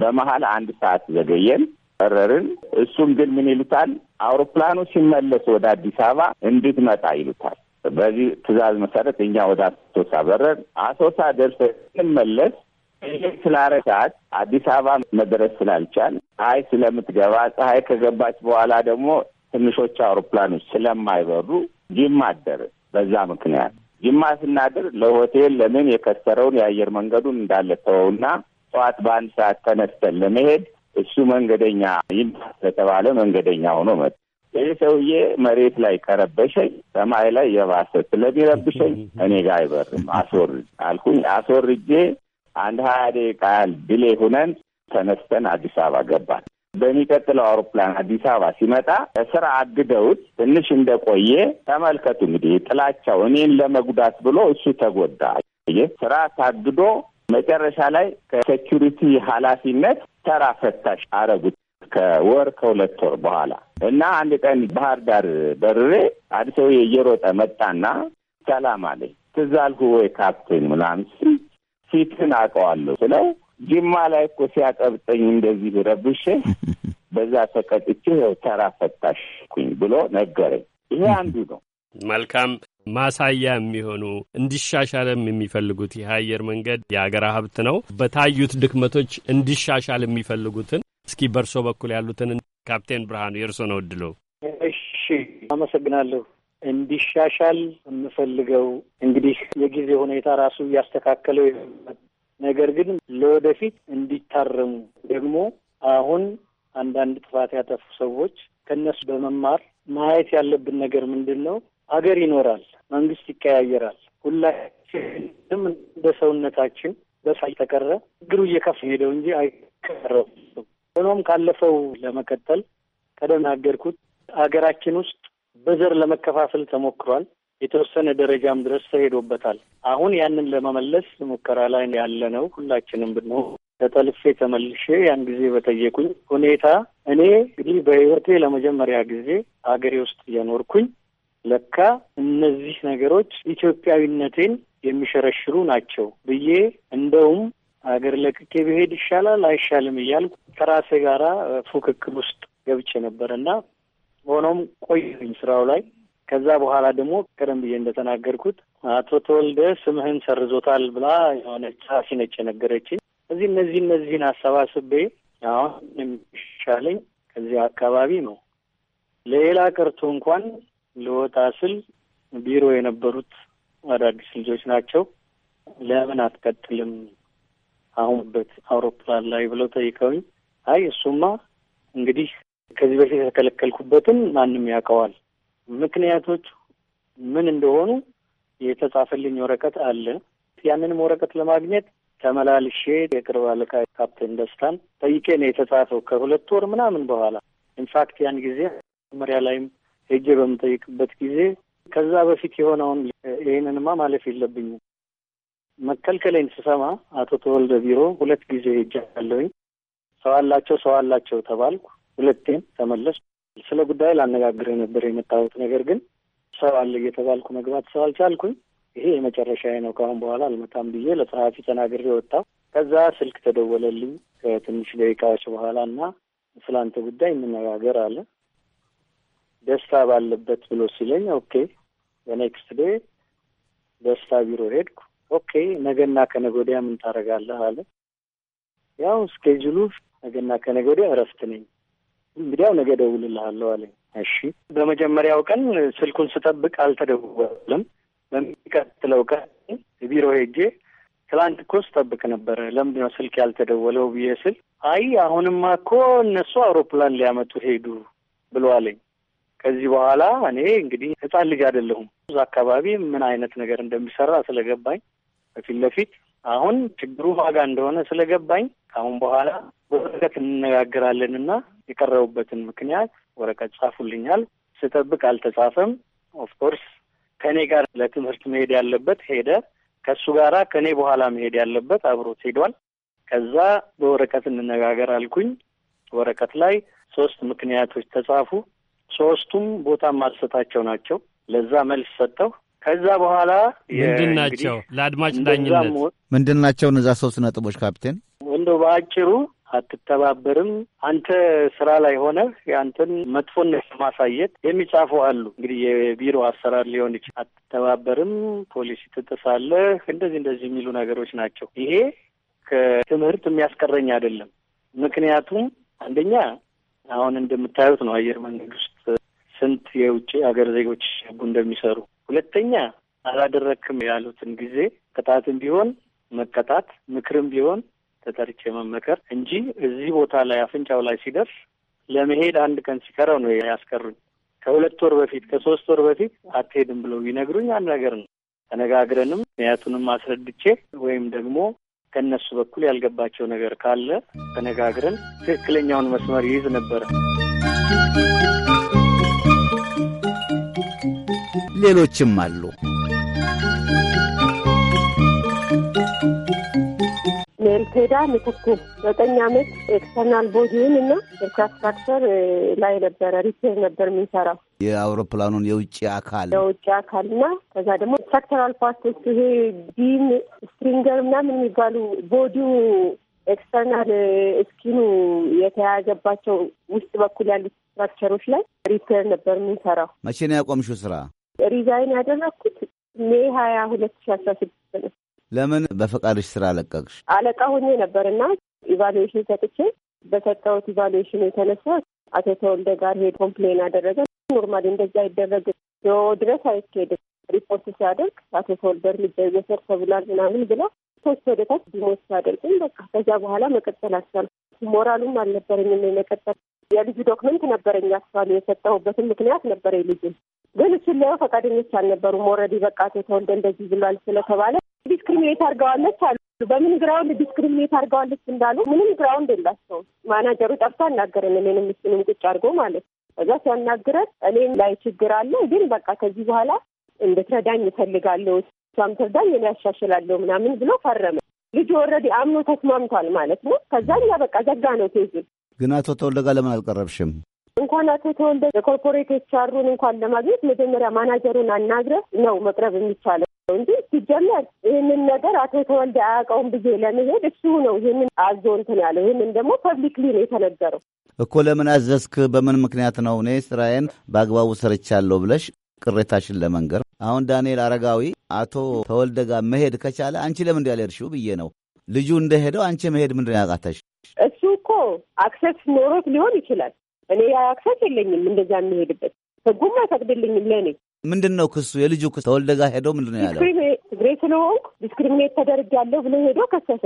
Speaker 2: በመሀል አንድ ሰዓት ዘገየን፣ በረርን። እሱም ግን ምን ይሉታል፣ አውሮፕላኑ ሲመለስ ወደ አዲስ አበባ እንድትመጣ ይሉታል። በዚህ ትዕዛዝ መሰረት እኛ ወደ አሶሳ በረር። አሶሳ ደርሰ ስንመለስ ስላረ ሰዓት አዲስ አበባ መድረስ ስላልቻል ፀሐይ ስለምትገባ ፀሐይ ከገባች በኋላ ደግሞ ትንሾች አውሮፕላኖች ስለማይበሩ ጅማ አደርን። በዛ ምክንያት ጅማ ስናድር ለሆቴል ለምን የከሰረውን የአየር መንገዱን እንዳለ ተወውና ጠዋት በአንድ ሰዓት ተነስተን ለመሄድ እሱ መንገደኛ ይማ ስለተባለ መንገደኛ ሆኖ መጥ ይህ ሰውዬ መሬት ላይ ከረበሸኝ ሰማይ ላይ የባሰ ስለሚረብሸኝ እኔ ጋር አይበርም አስወርድ አልኩኝ። አስወርጄ አንድ ሀያ ደቂቃ ያህል ድሌ ሁነን ተነስተን አዲስ አበባ ገባን። በሚቀጥለው አውሮፕላን አዲስ አበባ ሲመጣ ስራ አግደውት ትንሽ እንደቆየ ተመልከቱ። እንግዲህ ጥላቻው እኔን ለመጉዳት ብሎ እሱ ተጎዳ። ስራ ታግዶ መጨረሻ ላይ ከሴኪሪቲ ኃላፊነት ተራ ፈታሽ አረጉት ከወር ከሁለት ወር በኋላ እና አንድ ቀን ባህር ዳር በርሬ አንድ ሰውዬ እየሮጠ መጣና ሰላም አለኝ። ትዝ ወይ ካፕቴን ምናምን ፊትን አውቀዋለሁ ስለው ጅማ ላይ እኮ ሲያቀብጠኝ እንደዚህ ረብሼ [laughs] በዛ ተቀጥቼ ይኸው ተራ ኩኝ ብሎ ነገረኝ። ይሄ [laughs] አንዱ ነው።
Speaker 4: መልካም ማሳያ የሚሆኑ እንዲሻሻልም የሚፈልጉት ይህ አየር መንገድ የአገራ ሀብት ነው። በታዩት ድክመቶች እንዲሻሻል የሚፈልጉትን እስኪ በእርሶ በኩል ያሉትን ካፕቴን ብርሃኑ የእርሶ ነው እድሎ።
Speaker 1: እሺ፣ አመሰግናለሁ። እንዲሻሻል የምፈልገው እንግዲህ የጊዜ ሁኔታ ራሱ እያስተካከለው ነገር ግን ለወደፊት እንዲታረሙ ደግሞ አሁን አንዳንድ ጥፋት ያጠፉ ሰዎች ከእነሱ በመማር ማየት ያለብን ነገር ምንድን ነው? አገር ይኖራል፣ መንግስት ይቀያየራል። ሁላችንም እንደ ሰውነታችን በሳይ ተቀረ ችግሩ እየከፍ ሄደው እንጂ አይቀረው። ሆኖም ካለፈው ለመቀጠል ቀደም ናገርኩት አገራችን ውስጥ በዘር ለመከፋፈል ተሞክሯል። የተወሰነ ደረጃም ድረስ ተሄዶበታል። አሁን ያንን ለመመለስ ሙከራ ላይ ያለ ነው። ሁላችንም ብንሆን ተጠልፌ ተመልሼ ያን ጊዜ በጠየቁኝ ሁኔታ እኔ እንግዲህ በህይወቴ ለመጀመሪያ ጊዜ አገሬ ውስጥ እየኖርኩኝ ለካ እነዚህ ነገሮች ኢትዮጵያዊነቴን የሚሸረሽሩ ናቸው ብዬ እንደውም አገር ለቅቄ ብሄድ ይሻላል አይሻልም እያልኩ ከራሴ ጋራ ፉክክር ውስጥ ገብቼ ነበር እና ሆኖም ቆየኝ ስራው ላይ ከዛ በኋላ ደግሞ ቀደም ብዬ እንደተናገርኩት አቶ ተወልደ ስምህን ሰርዞታል ብላ የሆነ ጸሐፊ ነች የነገረችኝ። እዚህ እነዚህ እነዚህን አሰባስቤ አሁን የሚሻለኝ ከዚህ አካባቢ ነው። ለሌላ ቀርቶ እንኳን ልወጣ ስል ቢሮ የነበሩት አዳዲስ ልጆች ናቸው። ለምን አትቀጥልም አሁንበት አውሮፕላን ላይ ብለው ጠይቀውኝ፣ አይ እሱማ እንግዲህ ከዚህ በፊት የተከለከልኩበትን ማንም ያውቀዋል ምክንያቶች ምን እንደሆኑ የተጻፈልኝ ወረቀት አለ። ያንንም ወረቀት ለማግኘት ተመላልሼ የቅርብ አለቃ ካፕቴን ደስታን ጠይቄ ነው የተጻፈው ከሁለት ወር ምናምን በኋላ ኢንፋክት ያን ጊዜ መጀመሪያ ላይም ሄጄ በምጠይቅበት ጊዜ ከዛ በፊት የሆነውን ይህንንማ ማለፍ የለብኝም መከልከለኝ ስሰማ አቶ ተወልደ ቢሮ ሁለት ጊዜ ሄጃለሁኝ። ሰው አላቸው ሰው አላቸው ተባልኩ። ሁለቴም ተመለስኩ። ስለ ጉዳይ ላነጋግር ነበር የመጣሁት። ነገር ግን ሰው አለ እየተባልኩ መግባት ሰው አልቻልኩኝ። ይሄ የመጨረሻ ነው፣ ከአሁን በኋላ አልመጣም ብዬ ለጸሐፊ ተናግሬ ወጣሁ። ከዛ ስልክ ተደወለልኝ ከትንሽ ደቂቃዎች በኋላ እና ስለ አንተ ጉዳይ እንነጋገር አለ። ደስታ ባለበት ብሎ ሲለኝ ኦኬ። በኔክስት ዴ ደስታ ቢሮ ሄድኩ። ኦኬ ነገና ከነገ ወዲያ ምን ታደርጋለህ አለ። ያው ስኬጁሉ ነገና ከነገ ወዲያ እረፍት ነኝ እንግዲያው ነገ እደውልልሃለሁ አለኝ። እሺ በመጀመሪያው ቀን ስልኩን ስጠብቅ አልተደወለም። በሚቀጥለው ቀን ቢሮ ሄጄ ትላንት እኮ ስጠብቅ ነበረ ለምንድን ነው ስልክ ያልተደወለው ብዬ ስል አይ አሁንማ እኮ እነሱ አውሮፕላን ሊያመጡ ሄዱ ብሎ አለኝ። ከዚህ በኋላ እኔ እንግዲህ ህፃን ልጅ አይደለሁም። እዛ አካባቢ ምን አይነት ነገር እንደሚሰራ ስለገባኝ በፊት ለፊት አሁን ችግሩ ዋጋ እንደሆነ ስለገባኝ ከአሁን በኋላ በርቀት እንነጋገራለን እና የቀረቡበትን ምክንያት ወረቀት ጻፉልኛል። ስጠብቅ አልተጻፈም። ኦፍኮርስ ከእኔ ጋር ለትምህርት መሄድ ያለበት ሄደ። ከእሱ ጋራ ከእኔ በኋላ መሄድ ያለበት አብሮት ሄዷል። ከዛ በወረቀት እንነጋገር አልኩኝ። ወረቀት ላይ ሶስት ምክንያቶች ተጻፉ። ሶስቱም ቦታ ማልሰጣቸው ናቸው። ለዛ መልስ ሰጠው። ከዛ በኋላ
Speaker 3: ምንድን ናቸው? ለአድማጭ ዳኝነት ምንድን ናቸው እነዛ ሶስት ነጥቦች ካፕቴን?
Speaker 1: እንደው በአጭሩ አትተባበርም። አንተ ስራ ላይ ሆነ የአንተን መጥፎነት ለማሳየት የሚጻፉ አሉ። እንግዲህ የቢሮ አሰራር ሊሆን ይችላል። አትተባበርም፣ ፖሊሲ ትጥሳለህ፣ እንደዚህ እንደዚህ የሚሉ ነገሮች ናቸው። ይሄ ከትምህርት የሚያስቀረኝ አይደለም። ምክንያቱም አንደኛ አሁን እንደምታዩት ነው አየር መንገድ ውስጥ ስንት የውጭ ሀገር ዜጎች ህጉ እንደሚሰሩ። ሁለተኛ አላደረክም ያሉትን ጊዜ ቅጣትም ቢሆን መቀጣት፣ ምክርም ቢሆን ተጠርቼ መመከር እንጂ እዚህ ቦታ ላይ አፍንጫው ላይ ሲደርስ ለመሄድ አንድ ቀን ሲቀረው ነው ያስቀሩኝ። ከሁለት ወር በፊት ከሶስት ወር በፊት አትሄድም ብለው ቢነግሩኝ አንድ ነገር ነው። ተነጋግረንም ምክንያቱንም አስረድቼ ወይም ደግሞ ከእነሱ በኩል ያልገባቸው ነገር ካለ ተነጋግረን ትክክለኛውን መስመር ይይዝ ነበረ።
Speaker 3: ሌሎችም አሉ።
Speaker 10: ሄዳ ምትኩ ዘጠኝ አመት ኤክስተርናል ቦዲውን እና ኢንፍራስትራክቸር ላይ ነበረ ሪፔር ነበር የምንሰራው
Speaker 3: የአውሮፕላኑን የውጭ አካል
Speaker 10: የውጭ አካል እና ከዛ ደግሞ ስትራክቸራል ፓርቶች ይሄ ቢም ስትሪንገር ምናምን የሚባሉ ቦዲው ኤክስተርናል እስኪኑ የተያያዘባቸው ውስጥ በኩል ያሉት ስትራክቸሮች ላይ ሪፔር ነበር የምንሰራው።
Speaker 3: መቼ ነው ያቆምሽው ስራ?
Speaker 10: ሪዛይን ያደረግኩት ሜይ ሀያ ሁለት ሺ አስራ ስድስት ነው።
Speaker 3: ለምን በፈቃድሽ ስራ ለቀቅሽ?
Speaker 10: አለቃ ሆኜ ነበርና ኢቫሉዌሽን ሰጥቼ በሰጠሁት ኢቫሉዌሽን የተነሳ አቶ ተወልደ ጋር ሄድ ኮምፕሌን አደረገ። ኖርማሊ እንደዚ አይደረግ ድረስ አይካሄድም። ሪፖርት ሲያደርግ አቶ ተወልደ እርምጃ ይወሰድ ተብሏል ምናምን ብላ ሶስት ወደታች ዲሞት ሲያደርግም በቃ ከዚያ በኋላ መቀጠል አልቻልኩም። ሞራሉም አልነበረኝም የመቀጠል የልጁ ዶክመንት ነበረኝ አስፋሉ የሰጠሁበትን ምክንያት ነበረ ልጁ ግን እሱን ላየው ፈቃደኞች አልነበሩም። ኦልሬዲ በቃ አቶ ተወልደ እንደዚህ ብሏል ስለተባለ ዲስክሪሚኔት አድርገዋለች አሉ። በምን ግራውንድ ዲስክሪሚኔት አድርገዋለች እንዳሉ ምንም ግራውንድ የላቸው። ማናጀሩ ጠርቶ አናገረን፣ እኔን የምስንም ቁጭ አድርጎ ማለት ነው። እዛ ሲያናግረን እኔም ላይ ችግር አለ፣ ግን በቃ ከዚህ በኋላ እንድትረዳኝ እፈልጋለሁ፣ እሷም ትርዳኝ፣ እኔ ያሻሽላለሁ ምናምን ብሎ ፈረመ። ልጁ ወረዴ አምኖ ተስማምቷል ማለት ነው። ከዛ እኛ በቃ ዘጋ ነው ኬዙን።
Speaker 3: ግን አቶ ተወልደ ጋር ለምን አልቀረብሽም?
Speaker 10: እንኳን አቶ ተወልደ ኮርፖሬቶች አሩን እንኳን ለማግኘት መጀመሪያ ማናጀሩን አናግረ ነው መቅረብ የሚቻለው። እንጂ ሲጀመር ይህንን ነገር አቶ ተወልደ አያውቀውም ብዬ ለመሄድ እሱ ነው ይህንን አዞ እንትን ያለው። ይህንን ደግሞ ፐብሊክሊ ነው የተነገረው
Speaker 3: እኮ። ለምን አዘዝክ? በምን ምክንያት ነው? እኔ ስራዬን በአግባቡ ሰርቻለሁ ብለሽ ቅሬታሽን ለመንገር አሁን ዳንኤል አረጋዊ አቶ ተወልደ ጋር መሄድ ከቻለ አንቺ ለምን እንዲ ያልሄድሽው ብዬ ነው። ልጁ እንደሄደው አንቺ መሄድ ምንድን ያቃተሽ?
Speaker 10: እሱ እኮ አክሰስ ኖሮት ሊሆን ይችላል። እኔ ያ አክሰስ የለኝም፣ እንደዛ የሚሄድበት ህጉም አይፈቅድልኝም ለእኔ
Speaker 3: ምንድን ነው ክሱ? የልጁ ክስ ተወልደ ጋር ሄዶ ምንድን ነው ያለው?
Speaker 10: ትግሬ ስለሆንኩ ዲስክሪሚኔት ተደርጊያለሁ ብሎ ሄዶ ከሰሰ።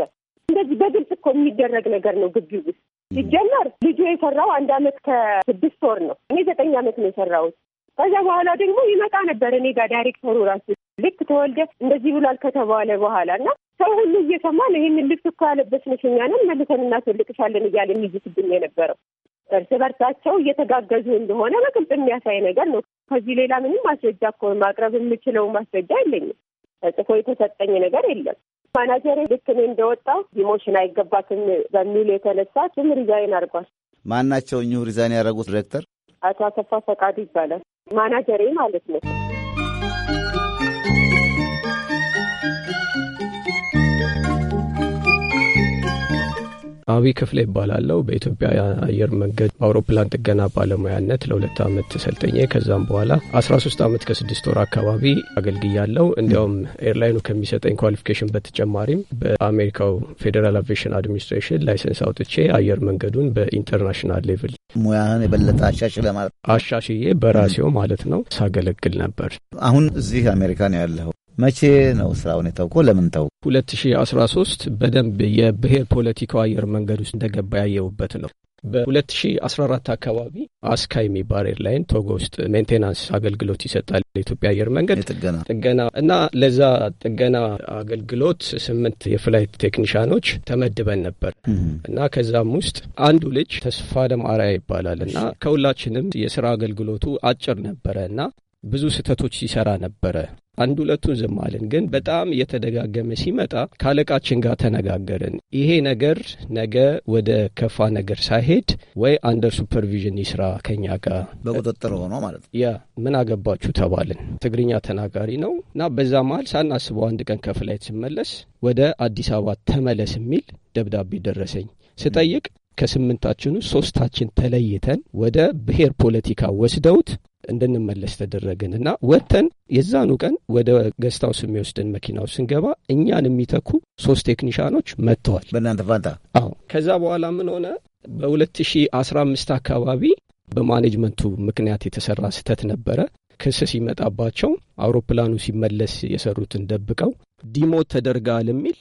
Speaker 10: እንደዚህ በግልጽ እኮ የሚደረግ ነገር ነው ግቢ ውስጥ። ሲጀመር ልጁ የሰራው አንድ አመት ከስድስት ወር ነው። እኔ ዘጠኝ አመት ነው የሰራሁት። ከዛ በኋላ ደግሞ ይመጣ ነበር እኔ ጋር ዳይሬክተሩ ራሱ ልክ ተወልደ እንደዚህ ብሏል ከተባለ በኋላ እና ሰው ሁሉ እየሰማን ይህንን ልብስ እኮ ያለበስንሽ ነን መልሰን እናስወልቅሻለን እያለ የሚዝትብኝ የነበረው እርስ በርሳቸው እየተጋገዙ እንደሆነ በግልጽ የሚያሳይ ነገር ነው። ከዚህ ሌላ ምንም ማስረጃ እኮ ማቅረብ የምችለው ማስረጃ የለኝም። ተጽፎ የተሰጠኝ ነገር የለም። ማናጀር ልክ እኔ እንደወጣው ዲሞሽን አይገባትም በሚል የተነሳ ስም ሪዛይን አድርጓል።
Speaker 3: ማን ናቸው እኚሁ ሪዛይን ያደረጉት? ዲሬክተር
Speaker 10: አቶ አሰፋ ፈቃዱ ይባላል። ማናጀሬ ማለት ነው።
Speaker 9: አብይ ክፍሌ ይባላለው በኢትዮጵያ አየር መንገድ በአውሮፕላን ጥገና ባለሙያነት ለሁለት ዓመት ሰልጠኜ ከዛም በኋላ 13 ዓመት ከስድስት ወር አካባቢ አገልግያለው። እንዲያውም ኤርላይኑ ከሚሰጠኝ ኳሊፊኬሽን በተጨማሪም በአሜሪካው ፌዴራል አቪዬሽን አድሚኒስትሬሽን ላይሰንስ አውጥቼ አየር መንገዱን በኢንተርናሽናል ሌቭል
Speaker 3: ሙያህን የበለጠ
Speaker 9: አሻሽ ለማለት አሻሽዬ በራሴው
Speaker 3: ማለት ነው ሳገለግል ነበር። አሁን እዚህ አሜሪካ ነው ያለው። መቼ ነው ስራውን የተውኮ? ለምን ተው?
Speaker 9: 2013 በደንብ የብሔር ፖለቲካው አየር መንገድ ውስጥ እንደገባ ያየውበት ነው። በ2014 አካባቢ አስካ የሚባል ኤርላይን ቶጎ ውስጥ ሜንቴናንስ አገልግሎት ይሰጣል ለኢትዮጵያ አየር መንገድ ጥገና እና ለዛ ጥገና አገልግሎት ስምንት የፍላይት ቴክኒሻኖች ተመድበን ነበር እና ከዛም ውስጥ አንዱ ልጅ ተስፋ ለማርያ ይባላል እና ከሁላችንም የስራ አገልግሎቱ አጭር ነበረ እና ብዙ ስህተቶች ሲሰራ ነበረ አንድ ሁለቱን ዝም አልን። ግን በጣም እየተደጋገመ ሲመጣ ከአለቃችን ጋር ተነጋገርን። ይሄ ነገር ነገ ወደ ከፋ ነገር ሳይሄድ ወይ አንደር ሱፐርቪዥን ይስራ ከኛ ጋር በቁጥጥር ሆኖ ማለት ነው። ያ ምን አገባችሁ ተባልን። ትግርኛ ተናጋሪ ነው እና በዛ መሀል ሳናስበው አንድ ቀን ከፍላይ ስመለስ ወደ አዲስ አበባ ተመለስ የሚል ደብዳቤ ደረሰኝ። ስጠይቅ ከስምንታችን ውስጥ ሶስታችን ተለይተን ወደ ብሔር ፖለቲካ ወስደውት እንድንመለስ ተደረግን እና ወጥተን የዛኑ ቀን ወደ ገስት ሃውስ የሚወስድን መኪናው ስንገባ እኛን የሚተኩ ሶስት ቴክኒሻኖች መጥተዋል በእናንተ ፋንታ። አዎ ከዛ በኋላ ምን ሆነ? በ2015 አካባቢ በማኔጅመንቱ ምክንያት የተሰራ ስህተት ነበረ። ክስ ሲመጣባቸው አውሮፕላኑ ሲመለስ የሰሩትን ደብቀው ዲሞ ተደርጋል የሚል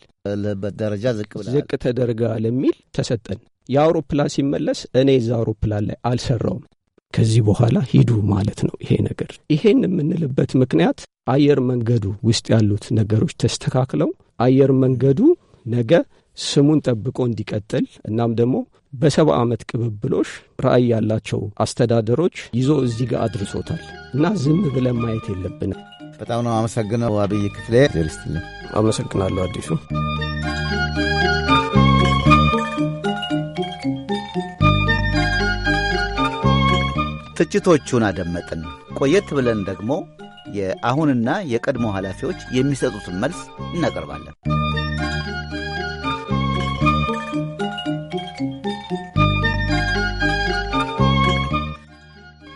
Speaker 9: ደረጃ ዝቅ ተደርጋል የሚል ተሰጠን። የአውሮፕላን ሲመለስ እኔ እዛ አውሮፕላን ላይ አልሰራውም። ከዚህ በኋላ ሂዱ ማለት ነው ይሄ ነገር። ይሄን የምንልበት ምክንያት አየር መንገዱ ውስጥ ያሉት ነገሮች ተስተካክለው አየር መንገዱ ነገ ስሙን ጠብቆ እንዲቀጥል እናም ደግሞ በሰባ ዓመት ቅብብሎሽ ራዕይ ያላቸው አስተዳደሮች ይዞ እዚህ ጋር አድርሶታል እና ዝም ብለን ማየት የለብንም። በጣም ነው አመሰግነው አብይ ክፍሌ ርስትልን። አመሰግናለሁ አዲሱ
Speaker 3: ትችቶቹን አደመጥን። ቆየት ብለን ደግሞ የአሁንና የቀድሞ ኃላፊዎች የሚሰጡትን መልስ እናቀርባለን።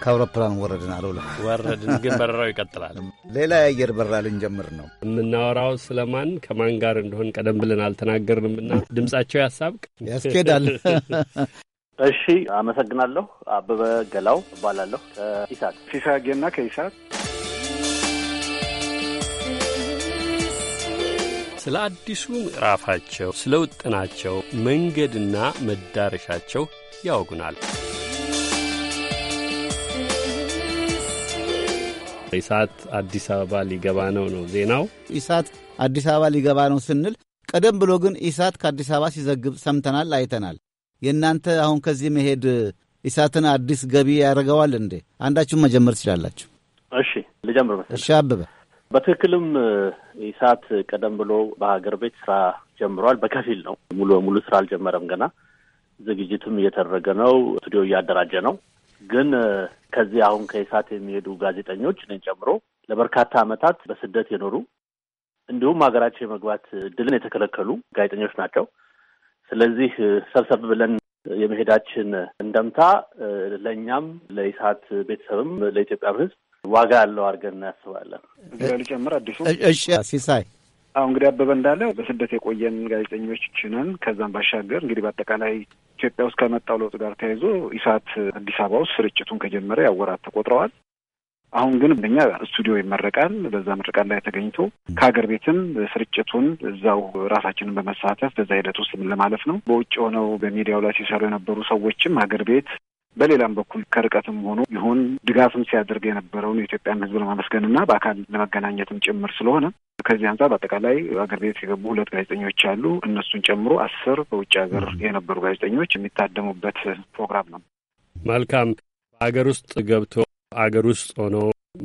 Speaker 3: ከአውሮፕላን ወረድን አሉላ ወረድን፣ ግን
Speaker 4: በረራው ይቀጥላል።
Speaker 3: ሌላ የአየር በረራ ልንጀምር
Speaker 4: ነው። የምናወራው ስለማን ከማን ጋር እንደሆን ቀደም ብለን አልተናገርንምና ድምጻቸው ያሳብቅ
Speaker 3: ያስኬዳል። [laughs]
Speaker 5: እሺ አመሰግናለሁ። አበበ ገላው እባላለሁ ከኢሳት ሲሳጌና ከኢሳት
Speaker 4: ስለ አዲሱ ምዕራፋቸው፣ ስለ ውጥናቸው፣ መንገድና መዳረሻቸው ያወጉናል።
Speaker 3: ኢሳት አዲስ አበባ ሊገባ ነው ነው ዜናው። ኢሳት አዲስ አበባ ሊገባ ነው ስንል ቀደም ብሎ ግን ኢሳት ከአዲስ አበባ ሲዘግብ ሰምተናል፣ አይተናል። የእናንተ አሁን ከዚህ መሄድ ኢሳትን አዲስ ገቢ ያደርገዋል እንዴ? አንዳችሁም መጀመር ትችላላችሁ።
Speaker 5: እሺ ልጀምር መሰለኝ። እሺ አበበ በትክክልም ኢሳት ቀደም ብሎ በሀገር ቤት ስራ ጀምሯል። በከፊል ነው፣ ሙሉ በሙሉ ስራ አልጀመረም ገና። ዝግጅትም እየተደረገ ነው፣ ስቱዲዮ እያደራጀ ነው። ግን ከዚህ አሁን ከኢሳት የሚሄዱ ጋዜጠኞች እኔን ጨምሮ ለበርካታ ዓመታት በስደት የኖሩ እንዲሁም ሀገራቸው የመግባት እድልን የተከለከሉ ጋዜጠኞች ናቸው። ስለዚህ ሰብሰብ ብለን የመሄዳችን እንደምታ ለእኛም ለኢሳት ቤተሰብም ለኢትዮጵያም ሕዝብ ዋጋ ያለው አድርገን እናያስባለን። እዚህ ላይ ልጨምር አዲሱ።
Speaker 3: እሺ ሲሳይ
Speaker 6: አሁ እንግዲህ አበበ እንዳለ በስደት የቆየን ጋዜጠኞች ነን። ከዛም ባሻገር እንግዲህ በአጠቃላይ ኢትዮጵያ ውስጥ ከመጣው ለውጥ ጋር ተያይዞ ኢሳት አዲስ አበባ ውስጥ ስርጭቱን ከጀመረ ያወራት ተቆጥረዋል። አሁን ግን እኛ ስቱዲዮ ይመረቃል። በዛ ምርቃት ላይ ተገኝቶ ከሀገር ቤትም ስርጭቱን እዛው ራሳችንን በመሳተፍ በዛ ሂደት ውስጥ ለማለፍ ነው። በውጭ ሆነው በሚዲያው ላይ ሲሰሩ የነበሩ ሰዎችም ሀገር ቤት በሌላም በኩል ከርቀትም ሆኖ ይሁን ድጋፍም ሲያደርግ የነበረውን የኢትዮጵያን ሕዝብ ለማመስገንና በአካል ለመገናኘትም ጭምር ስለሆነ ከዚህ አንጻር በአጠቃላይ ሀገር ቤት የገቡ ሁለት ጋዜጠኞች አሉ። እነሱን ጨምሮ አስር በውጭ ሀገር የነበሩ ጋዜጠኞች የሚታደሙበት ፕሮግራም ነው።
Speaker 4: መልካም በሀገር ውስጥ ገብቶ አገር ውስጥ ሆኖ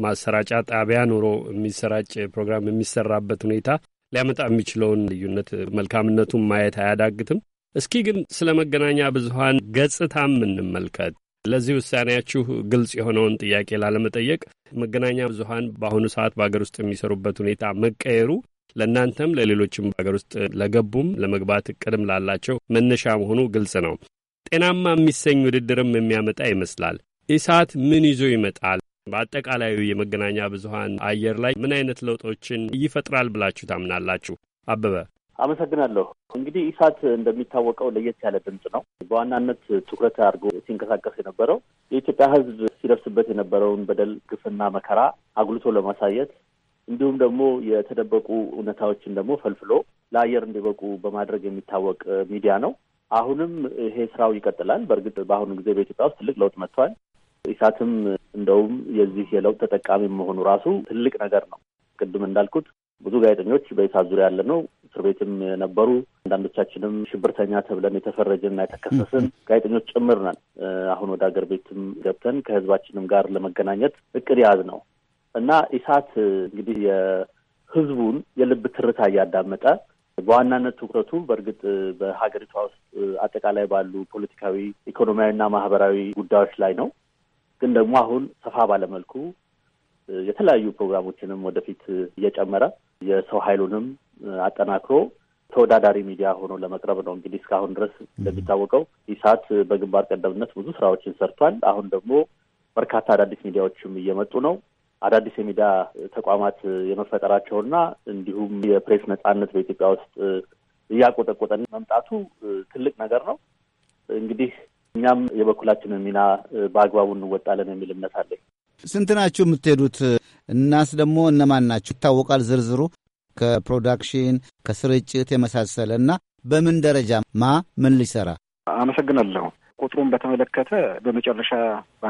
Speaker 4: ማሰራጫ ጣቢያ ኖሮ የሚሰራጭ ፕሮግራም የሚሰራበት ሁኔታ ሊያመጣ የሚችለውን ልዩነት መልካምነቱን ማየት አያዳግትም። እስኪ ግን ስለ መገናኛ ብዙሀን ገጽታም እንመልከት። ለዚህ ውሳኔያችሁ ግልጽ የሆነውን ጥያቄ ላለመጠየቅ መገናኛ ብዙሀን በአሁኑ ሰዓት በሀገር ውስጥ የሚሰሩበት ሁኔታ መቀየሩ ለእናንተም ለሌሎችም በሀገር ውስጥ ለገቡም ለመግባት እቅድም ላላቸው መነሻ መሆኑ ግልጽ ነው። ጤናማ የሚሰኝ ውድድርም የሚያመጣ ይመስላል። ኢሳት ምን ይዞ ይመጣል? በአጠቃላዩ የመገናኛ ብዙሀን አየር ላይ ምን አይነት ለውጦችን ይፈጥራል ብላችሁ ታምናላችሁ? አበበ
Speaker 5: አመሰግናለሁ። እንግዲህ ኢሳት እንደሚታወቀው ለየት ያለ ድምፅ ነው። በዋናነት ትኩረት አድርጎ ሲንቀሳቀስ የነበረው የኢትዮጵያ ሕዝብ ሲደርስበት የነበረውን በደል፣ ግፍና መከራ አጉልቶ ለማሳየት እንዲሁም ደግሞ የተደበቁ እውነታዎችን ደግሞ ፈልፍሎ ለአየር እንዲበቁ በማድረግ የሚታወቅ ሚዲያ ነው። አሁንም ይሄ ስራው ይቀጥላል። በእርግጥ በአሁኑ ጊዜ በኢትዮጵያ ውስጥ ትልቅ ለውጥ መጥቷል። ኢሳትም እንደውም የዚህ የለውጥ ተጠቃሚ መሆኑ ራሱ ትልቅ ነገር ነው። ቅድም እንዳልኩት ብዙ ጋዜጠኞች በኢሳት ዙሪያ ያለ ነው እስር ቤትም የነበሩ አንዳንዶቻችንም ሽብርተኛ ተብለን የተፈረጅንና የተከሰስን ጋዜጠኞች ጭምር ነን። አሁን ወደ አገር ቤትም ገብተን ከህዝባችንም ጋር ለመገናኘት እቅድ የያዝ ነው እና ኢሳት እንግዲህ የህዝቡን የልብ ትርታ እያዳመጠ በዋናነት ትኩረቱ በእርግጥ በሀገሪቷ ውስጥ አጠቃላይ ባሉ ፖለቲካዊ፣ ኢኮኖሚያዊና ማህበራዊ ጉዳዮች ላይ ነው። ግን ደግሞ አሁን ሰፋ ባለመልኩ የተለያዩ ፕሮግራሞችንም ወደፊት እየጨመረ የሰው ኃይሉንም አጠናክሮ ተወዳዳሪ ሚዲያ ሆኖ ለመቅረብ ነው። እንግዲህ እስካሁን ድረስ እንደሚታወቀው ኢሳት በግንባር ቀደምነት ብዙ ስራዎችን ሰርቷል። አሁን ደግሞ በርካታ አዳዲስ ሚዲያዎችም እየመጡ ነው። አዳዲስ የሚዲያ ተቋማት የመፈጠራቸውና እንዲሁም የፕሬስ ነጻነት በኢትዮጵያ ውስጥ እያቆጠቆጠን መምጣቱ ትልቅ ነገር ነው። እንግዲህ እኛም የበኩላችንን ሚና በአግባቡ እንወጣለን የሚል እምነት አለኝ።
Speaker 3: ስንት ናችሁ የምትሄዱት? እናስ ደግሞ እነማን ናችሁ? ይታወቃል ዝርዝሩ ከፕሮዳክሽን ከስርጭት የመሳሰለ እና በምን ደረጃ ማ ምን ሊሰራ
Speaker 6: አመሰግናለሁ። ቁጥሩን በተመለከተ በመጨረሻ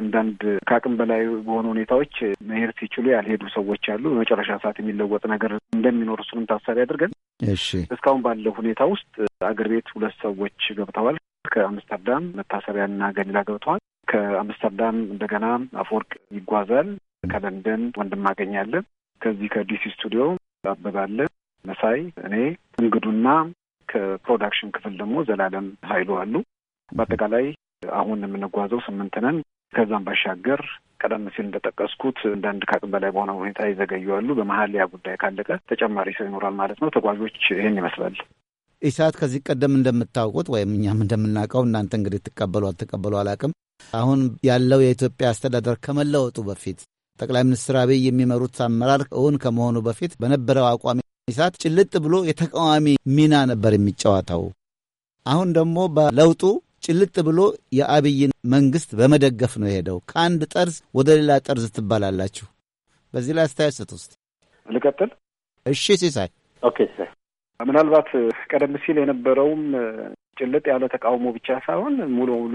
Speaker 6: አንዳንድ ከአቅም በላይ በሆኑ ሁኔታዎች መሄድ ሲችሉ ያልሄዱ ሰዎች አሉ። በመጨረሻ ሰዓት የሚለወጥ ነገር እንደሚኖር እሱንም ታሳቢ አድርገን እሺ፣ እስካሁን ባለው ሁኔታ ውስጥ አገር ቤት ሁለት ሰዎች ገብተዋል። ከአምስተርዳም መታሰቢያና ገሊላ ገብተዋል። ከአምስተርዳም እንደገና አፈወርቅ ይጓዛል። ከለንደን ወንድም አገኛለን። ከዚህ ከዲሲ ስቱዲዮ አበባለ መሳይ፣ እኔ እንግዱና ከፕሮዳክሽን ክፍል ደግሞ ዘላለም ኃይሉ አሉ። በአጠቃላይ አሁን የምንጓዘው ስምንት ነን። ከዛም ባሻገር ቀደም ሲል እንደጠቀስኩት አንዳንድ ከአቅም በላይ በሆነ ሁኔታ ይዘገዩ አሉ። በመሀል ያ ጉዳይ ካለቀ ተጨማሪ ሰው ይኖራል ማለት ነው። ተጓዦች ይህን ይመስላል።
Speaker 3: ኢሳት ከዚህ ቀደም እንደምታውቁት ወይም እኛም እንደምናውቀው እናንተ እንግዲህ ትቀበሉ አትቀበሉ አላውቅም። አሁን ያለው የኢትዮጵያ አስተዳደር ከመለወጡ በፊት ጠቅላይ ሚኒስትር አብይ የሚመሩት አመራር እውን ከመሆኑ በፊት በነበረው አቋሚ ኢሳት ጭልጥ ብሎ የተቃዋሚ ሚና ነበር የሚጫወተው። አሁን ደግሞ በለውጡ ጭልጥ ብሎ የአብይን መንግስት በመደገፍ ነው የሄደው። ከአንድ ጠርዝ ወደ ሌላ ጠርዝ ትባላላችሁ። በዚህ ላይ አስተያየት ስጥ ውስጥ ልቀጥል። እሺ ሲሳይ ኦኬ። ሲሳይ
Speaker 6: ምናልባት ቀደም ሲል የነበረውም ጭልጥ ያለ ተቃውሞ ብቻ ሳይሆን ሙሉ ሙሉ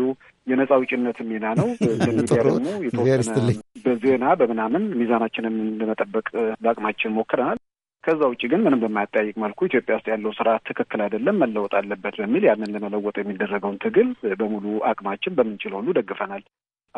Speaker 6: የነጻ አውጪነት ሚና ነው። [laughs] በሚዲያ ደግሞ የተወሰነ በዜና በምናምን ሚዛናችንን ለመጠበቅ በአቅማችን ሞክረናል። ከዛ ውጭ ግን ምንም በማያጠያይቅ መልኩ ኢትዮጵያ ውስጥ ያለው ስርዓት ትክክል አይደለም፣ መለወጥ አለበት በሚል ያንን ለመለወጥ የሚደረገውን ትግል በሙሉ አቅማችን በምንችለው ሁሉ ደግፈናል።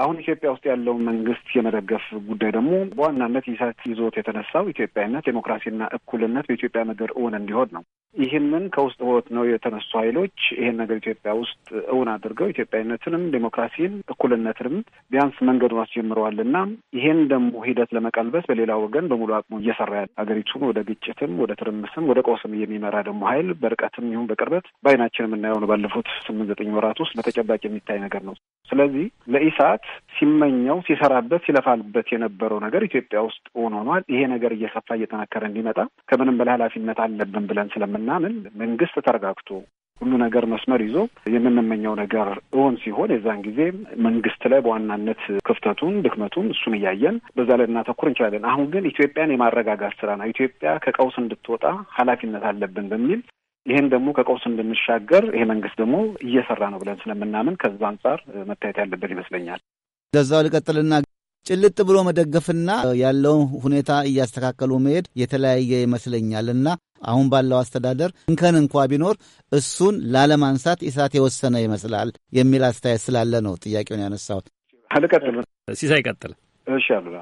Speaker 6: አሁን ኢትዮጵያ ውስጥ ያለውን መንግስት የመደገፍ ጉዳይ ደግሞ በዋናነት ይሳት ይዞት የተነሳው ኢትዮጵያዊነት፣ ዴሞክራሲና እኩልነት በኢትዮጵያ ነገር እውን እንዲሆን ነው። ይህንን ከውስጥ ህይወት ነው የተነሱ ኃይሎች ይህን ነገር ኢትዮጵያ ውስጥ እውን አድርገው ኢትዮጵያዊነትንም፣ ዴሞክራሲን፣ እኩልነትንም ቢያንስ መንገዱን አስጀምረዋል እና ይህን ደግሞ ሂደት ለመቀልበስ በሌላ ወገን በሙሉ አቅሙ እየሰራ ያለ ሀገሪቱን ወደ ግጭትም ወደ ትርምስም ወደ ቀውስም የሚመራ ደግሞ ኃይል በርቀትም ይሁን በቅርበት በአይናችን የምናየው ነው። ባለፉት ስምንት ዘጠኝ ወራት ውስጥ በተጨባጭ የሚታይ ነገር ነው። ስለዚህ ለኢሳት ሲመኘው ሲሰራበት ሲለፋልበት የነበረው ነገር ኢትዮጵያ ውስጥ ሆኗል። ይሄ ነገር እየሰፋ እየጠነከረ እንዲመጣ ከምንም በላይ ኃላፊነት አለብን ብለን ስለምናምን መንግስት ተረጋግቶ ሁሉ ነገር መስመር ይዞ የምንመኘው ነገር እውን ሲሆን የዛን ጊዜ መንግስት ላይ በዋናነት ክፍተቱን ድክመቱን እሱን እያየን በዛ ላይ እናተኩር እንችላለን። አሁን ግን ኢትዮጵያን የማረጋጋት ስራ ነው። ኢትዮጵያ ከቀውስ እንድትወጣ ኃላፊነት አለብን በሚል ይህን ደግሞ ከቀውስ እንድንሻገር ይሄ መንግስት ደግሞ እየሰራ ነው ብለን ስለምናምን ከዛ አንጻር መታየት ያለበት ይመስለኛል።
Speaker 3: ለዛው ልቀጥልና ጭልጥ ብሎ መደገፍና ያለውን ሁኔታ እያስተካከሉ መሄድ የተለያየ ይመስለኛል እና አሁን ባለው አስተዳደር እንከን እንኳ ቢኖር እሱን ላለማንሳት ኢሳት የወሰነ ይመስላል የሚል አስተያየት ስላለ ነው ጥያቄውን ያነሳሁት። ልቀጥል ሲሳይ ይቀጥል። እሺ አሉላ።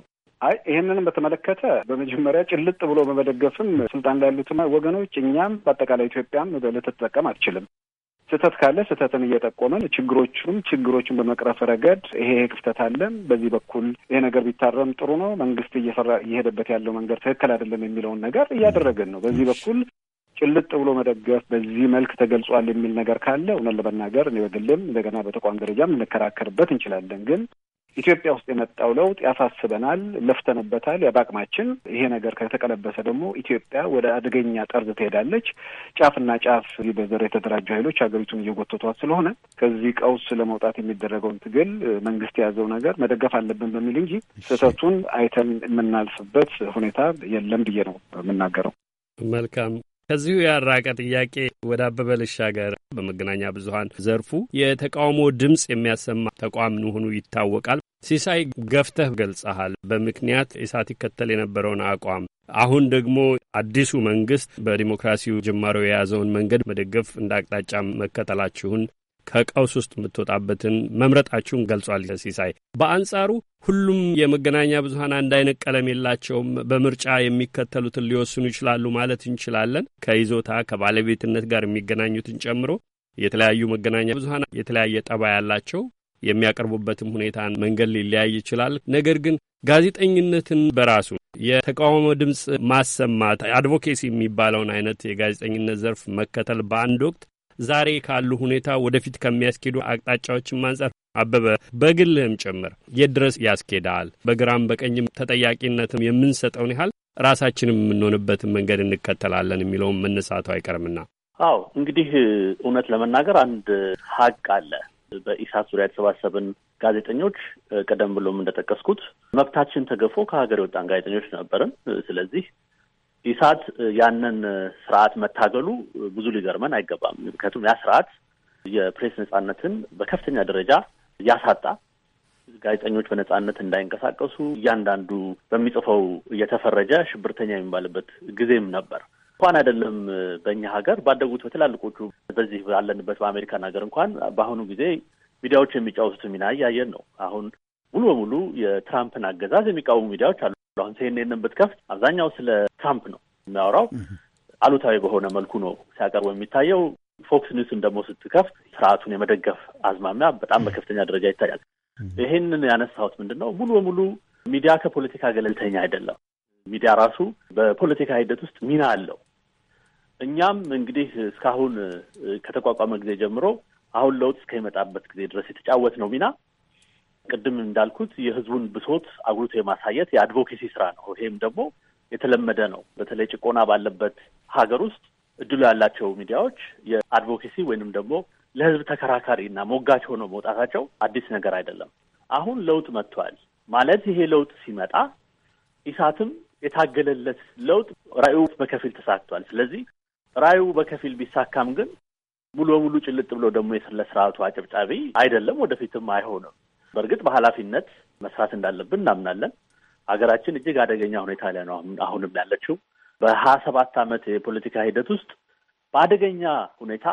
Speaker 6: አይ ይህንንም በተመለከተ በመጀመሪያ ጭልጥ ብሎ በመደገፍም ስልጣን ላይ ያሉትም ወገኖች እኛም በአጠቃላይ ኢትዮጵያም ልትጠቀም አትችልም። ስህተት ካለ ስህተትን እየጠቆመን ችግሮቹም ችግሮቹን በመቅረፍ ረገድ ይሄ ክፍተት አለን፣ በዚህ በኩል ይሄ ነገር ቢታረም ጥሩ ነው፣ መንግስት እየሰራ እየሄደበት ያለው መንገድ ትክክል አይደለም የሚለውን ነገር እያደረግን ነው። በዚህ በኩል ጭልጥ ብሎ መደገፍ በዚህ መልክ ተገልጿል የሚል ነገር ካለ እውነት ለመናገር እኔ በግልም እንደገና በተቋም ደረጃም ልንከራከርበት እንችላለን ግን ኢትዮጵያ ውስጥ የመጣው ለውጥ ያሳስበናል፣ ለፍተንበታል፣ ያባቅማችን። ይሄ ነገር ከተቀለበሰ ደግሞ ኢትዮጵያ ወደ አደገኛ ጠርዝ ትሄዳለች። ጫፍና ጫፍ በዘር የተደራጁ ኃይሎች ሀገሪቱን እየጎተቷት ስለሆነ ከዚህ ቀውስ ለመውጣት የሚደረገውን ትግል መንግስት የያዘው ነገር መደገፍ አለብን በሚል እንጂ ስህተቱን አይተን የምናልፍበት ሁኔታ የለም ብዬ ነው የምናገረው።
Speaker 4: መልካም ከዚሁ ያራቀ ጥያቄ ወደ አበበ ልሻገር። በመገናኛ ብዙኃን ዘርፉ የተቃውሞ ድምፅ የሚያሰማ ተቋም መሆኑ ይታወቃል። ሲሳይ ገፍተህ ገልጸሃል። በምክንያት እሳት ይከተል የነበረውን አቋም አሁን ደግሞ አዲሱ መንግስት በዲሞክራሲው ጅማሮ የያዘውን መንገድ መደገፍ እንደ አቅጣጫ መከተላችሁን ከቀውስ ውስጥ የምትወጣበትን መምረጣችሁን ገልጿል ሲሳይ። በአንጻሩ ሁሉም የመገናኛ ብዙኃን አንድ አይነት ቀለም የላቸውም፣ በምርጫ የሚከተሉትን ሊወስኑ ይችላሉ ማለት እንችላለን። ከይዞታ ከባለቤትነት ጋር የሚገናኙትን ጨምሮ የተለያዩ መገናኛ ብዙኃን የተለያየ ጠባ ያላቸው የሚያቀርቡበትም ሁኔታ መንገድ ሊለያይ ይችላል። ነገር ግን ጋዜጠኝነትን በራሱ የተቃውሞ ድምፅ ማሰማት አድቮኬሲ የሚባለውን አይነት የጋዜጠኝነት ዘርፍ መከተል በአንድ ወቅት ዛሬ ካሉ ሁኔታ ወደፊት ከሚያስኬዱ አቅጣጫዎችን አንጻር አበበ በግልህም ጭምር የት ድረስ ያስኬዳል? በግራም በቀኝም ተጠያቂነትም የምንሰጠውን ያህል ራሳችንም የምንሆንበትን መንገድ እንከተላለን የሚለውን መነሳቱ አይቀርምና።
Speaker 5: አዎ እንግዲህ እውነት ለመናገር አንድ ሀቅ አለ። በኢሳት ዙሪያ የተሰባሰብን ጋዜጠኞች ቀደም ብሎም እንደጠቀስኩት መብታችን ተገፎ ከሀገር የወጣን ጋዜጠኞች ነበርን። ስለዚህ ኢሳት ያንን ስርዓት መታገሉ ብዙ ሊገርመን አይገባም። ምክንያቱም ያ ስርዓት የፕሬስ ነጻነትን በከፍተኛ ደረጃ ያሳጣ፣ ጋዜጠኞች በነጻነት እንዳይንቀሳቀሱ እያንዳንዱ በሚጽፈው እየተፈረጀ ሽብርተኛ የሚባልበት ጊዜም ነበር። እንኳን አይደለም በእኛ ሀገር ባደጉት በትላልቆቹ በዚህ ባለንበት በአሜሪካን ሀገር እንኳን በአሁኑ ጊዜ ሚዲያዎች የሚጫወቱት ሚና እያየን ነው። አሁን ሙሉ በሙሉ የትራምፕን አገዛዝ የሚቃወሙ ሚዲያዎች አሉ። አሁን ሲኤንኤንን ብትከፍት አብዛኛው ስለ ትራምፕ ነው የሚያወራው። አሉታዊ በሆነ መልኩ ነው ሲያቀርቡ የሚታየው። ፎክስ ኒውስን ደግሞ ስትከፍት ስርዓቱን የመደገፍ አዝማሚያ በጣም በከፍተኛ ደረጃ ይታያል። ይህንን ያነሳሁት ምንድን ነው ሙሉ በሙሉ ሚዲያ ከፖለቲካ ገለልተኛ አይደለም። ሚዲያ ራሱ በፖለቲካ ሂደት ውስጥ ሚና አለው። እኛም እንግዲህ እስካሁን ከተቋቋመ ጊዜ ጀምሮ አሁን ለውጥ እስከሚመጣበት ጊዜ ድረስ የተጫወት ነው ሚና ቅድም እንዳልኩት የህዝቡን ብሶት አጉልቶ የማሳየት የአድቮኬሲ ስራ ነው። ይሄም ደግሞ የተለመደ ነው። በተለይ ጭቆና ባለበት ሀገር ውስጥ እድሉ ያላቸው ሚዲያዎች የአድቮኬሲ ወይንም ደግሞ ለህዝብ ተከራካሪ እና ሞጋች ሆነው መውጣታቸው አዲስ ነገር አይደለም። አሁን ለውጥ መጥቷል ማለት ይሄ ለውጥ ሲመጣ ኢሳትም የታገለለት ለውጥ ራዕዩ በከፊል ተሳክቷል። ስለዚህ ራዕዩ በከፊል ቢሳካም ግን ሙሉ በሙሉ ጭልጥ ብሎ ደግሞ የስለ ስርዓቱ አጨብጫቢ አይደለም፣ ወደፊትም አይሆንም። በእርግጥ በኃላፊነት መስራት እንዳለብን እናምናለን። ሀገራችን እጅግ አደገኛ ሁኔታ ላይ ነው አሁንም ያለችው። በሀያ ሰባት ዓመት የፖለቲካ ሂደት ውስጥ በአደገኛ ሁኔታ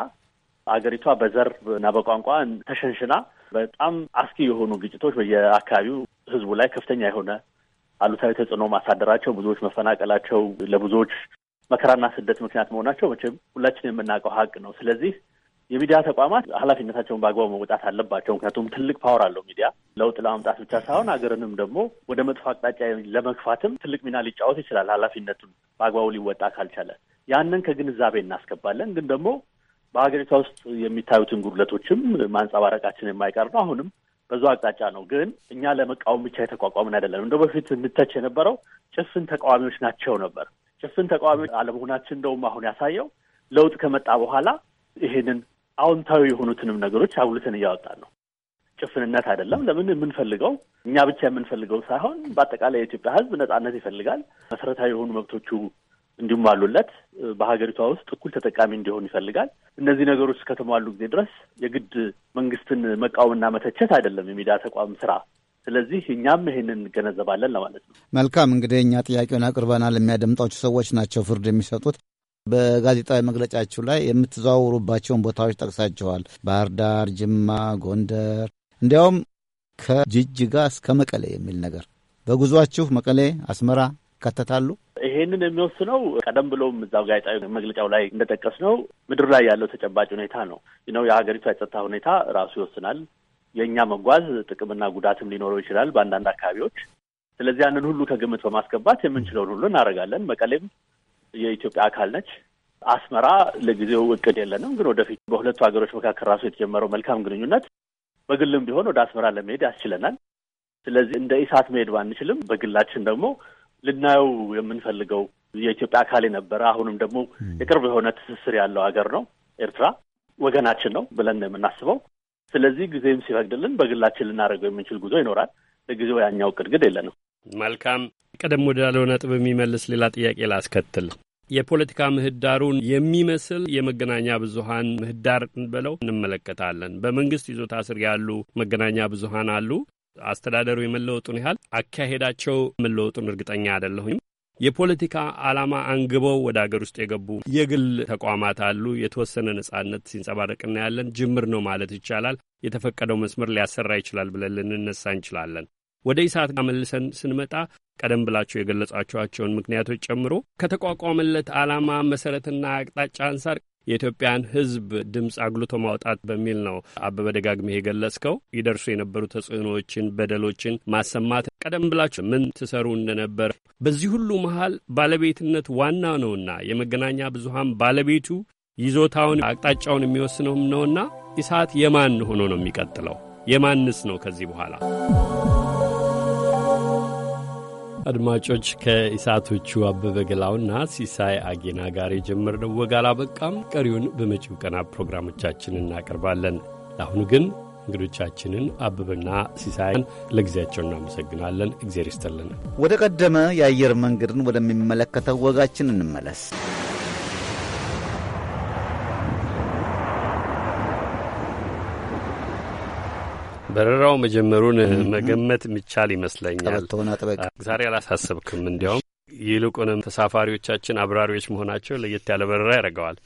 Speaker 5: አገሪቷ በዘር እና በቋንቋ ተሸንሽና በጣም አስጊ የሆኑ ግጭቶች በየአካባቢው ህዝቡ ላይ ከፍተኛ የሆነ አሉታዊ ተጽዕኖ ማሳደራቸው፣ ብዙዎች መፈናቀላቸው፣ ለብዙዎች መከራና ስደት ምክንያት መሆናቸው መቼም ሁላችን የምናውቀው ሀቅ ነው። ስለዚህ የሚዲያ ተቋማት ኃላፊነታቸውን በአግባቡ መውጣት አለባቸው። ምክንያቱም ትልቅ ፓወር አለው ሚዲያ ለውጥ ለማምጣት ብቻ ሳይሆን ሀገርንም ደግሞ ወደ መጥፎ አቅጣጫ ለመግፋትም ትልቅ ሚና ሊጫወት ይችላል። ኃላፊነቱን በአግባቡ ሊወጣ ካልቻለ ያንን ከግንዛቤ እናስገባለን። ግን ደግሞ በሀገሪቷ ውስጥ የሚታዩትን ጉድለቶችም ማንጸባረቃችን የማይቀር ነው። አሁንም በዛ አቅጣጫ ነው። ግን እኛ ለመቃወም ብቻ የተቋቋምን አይደለም። እንደ በፊት እንተች የነበረው ጭፍን ተቃዋሚዎች ናቸው ነበር። ጭፍን ተቃዋሚዎች አለመሆናችን እንደውም አሁን ያሳየው ለውጥ ከመጣ በኋላ ይህንን አዎንታዊ የሆኑትንም ነገሮች አጉልተን እያወጣን ነው። ጭፍንነት አይደለም። ለምን የምንፈልገው እኛ ብቻ የምንፈልገው ሳይሆን በአጠቃላይ የኢትዮጵያ ሕዝብ ነጻነት ይፈልጋል። መሰረታዊ የሆኑ መብቶቹ እንዲሁም አሉለት። በሀገሪቷ ውስጥ እኩል ተጠቃሚ እንዲሆን ይፈልጋል። እነዚህ ነገሮች እስከተሟሉ ጊዜ ድረስ የግድ መንግስትን መቃወምና መተቸት አይደለም የሚዲያ ተቋም ስራ። ስለዚህ እኛም ይህንን እንገነዘባለን ለማለት ነው።
Speaker 3: መልካም እንግዲህ እኛ ጥያቄውን አቅርበናል። የሚያደምጧቸው ሰዎች ናቸው ፍርድ የሚሰጡት። በጋዜጣዊ መግለጫችሁ ላይ የምትዘዋውሩባቸውን ቦታዎች ጠቅሳችኋል። ባህር ዳር፣ ጅማ፣ ጎንደር እንዲያውም ከጅጅጋ እስከ መቀሌ የሚል ነገር በጉዟችሁ መቀሌ፣ አስመራ ይካተታሉ።
Speaker 5: ይሄንን የሚወስነው ቀደም ብሎም እዛው ጋዜጣዊ መግለጫው ላይ እንደጠቀስ ነው ምድር ላይ ያለው ተጨባጭ ሁኔታ ነው ነው የሀገሪቷ የጸጥታ ሁኔታ ራሱ ይወስናል። የእኛ መጓዝ ጥቅምና ጉዳትም ሊኖረው ይችላል በአንዳንድ አካባቢዎች። ስለዚህ ያንን ሁሉ ከግምት በማስገባት የምንችለውን ሁሉ እናደርጋለን። መቀሌም የኢትዮጵያ አካል ነች። አስመራ ለጊዜው እቅድ የለንም፣ ግን ወደፊት በሁለቱ ሀገሮች መካከል ራሱ የተጀመረው መልካም ግንኙነት በግልም ቢሆን ወደ አስመራ ለመሄድ ያስችለናል። ስለዚህ እንደ ኢሳት መሄድ ባንችልም በግላችን ደግሞ ልናየው የምንፈልገው የኢትዮጵያ አካል የነበረ አሁንም ደግሞ የቅርብ የሆነ ትስስር ያለው ሀገር ነው ኤርትራ ወገናችን ነው ብለን ነው የምናስበው። ስለዚህ ጊዜም ሲፈቅድልን በግላችን ልናደርገው የምንችል ጉዞ ይኖራል። ለጊዜው ያኛው እቅድ
Speaker 4: ግን የለንም። መልካም። ቀደም ወዳለው ነጥብ የሚመልስ ሌላ ጥያቄ ላስከትል። የፖለቲካ ምህዳሩን የሚመስል የመገናኛ ብዙሀን ምህዳር ብለው እንመለከታለን። በመንግስት ይዞታ ስር ያሉ መገናኛ ብዙሀን አሉ። አስተዳደሩ የመለወጡን ያህል አካሄዳቸው መለወጡን እርግጠኛ አይደለሁም። የፖለቲካ ዓላማ አንግበው ወደ አገር ውስጥ የገቡ የግል ተቋማት አሉ። የተወሰነ ነጻነት ሲንጸባረቅ እናያለን። ጅምር ነው ማለት ይቻላል። የተፈቀደው መስመር ሊያሰራ ይችላል ብለን ልንነሳ እንችላለን። ወደ ኢሳት አመልሰን ስንመጣ ቀደም ብላችሁ የገለጻችኋቸውን ምክንያቶች ጨምሮ ከተቋቋመለት ዓላማ መሰረትና አቅጣጫ አንሳር የኢትዮጵያን ሕዝብ ድምፅ አጉልቶ ማውጣት በሚል ነው። አበበ ደጋግሜ የገለጽከው ይደርሱ የነበሩ ተጽዕኖዎችን፣ በደሎችን ማሰማት ቀደም ብላችሁ ምን ትሰሩ እንደነበር በዚህ ሁሉ መሀል ባለቤትነት ዋና ነውና የመገናኛ ብዙሃን ባለቤቱ ይዞታውን አቅጣጫውን የሚወስነውም ነውና ኢሳት የማን ሆኖ ነው የሚቀጥለው? የማንስ ነው ከዚህ በኋላ? አድማጮች ከኢሳቶቹ አበበ ገላውና ሲሳይ አጌና ጋር የጀመርነው ወግ አላበቃም። ቀሪውን በመጪው ቀናት ፕሮግራሞቻችን እናቀርባለን። ለአሁኑ ግን እንግዶቻችንን አበበና ሲሳያን ለጊዜያቸው እናመሰግናለን። እግዜር ይስጥልን።
Speaker 3: ወደ ቀደመ የአየር መንገድን ወደሚመለከተው ወጋችን እንመለስ።
Speaker 4: በረራው መጀመሩን መገመት የሚቻል ይመስለኛል። ዛሬ አላሳሰብክም። እንዲያውም ይልቁንም ተሳፋሪዎቻችን አብራሪዎች መሆናቸው ለየት ያለ በረራ ያደርገዋል።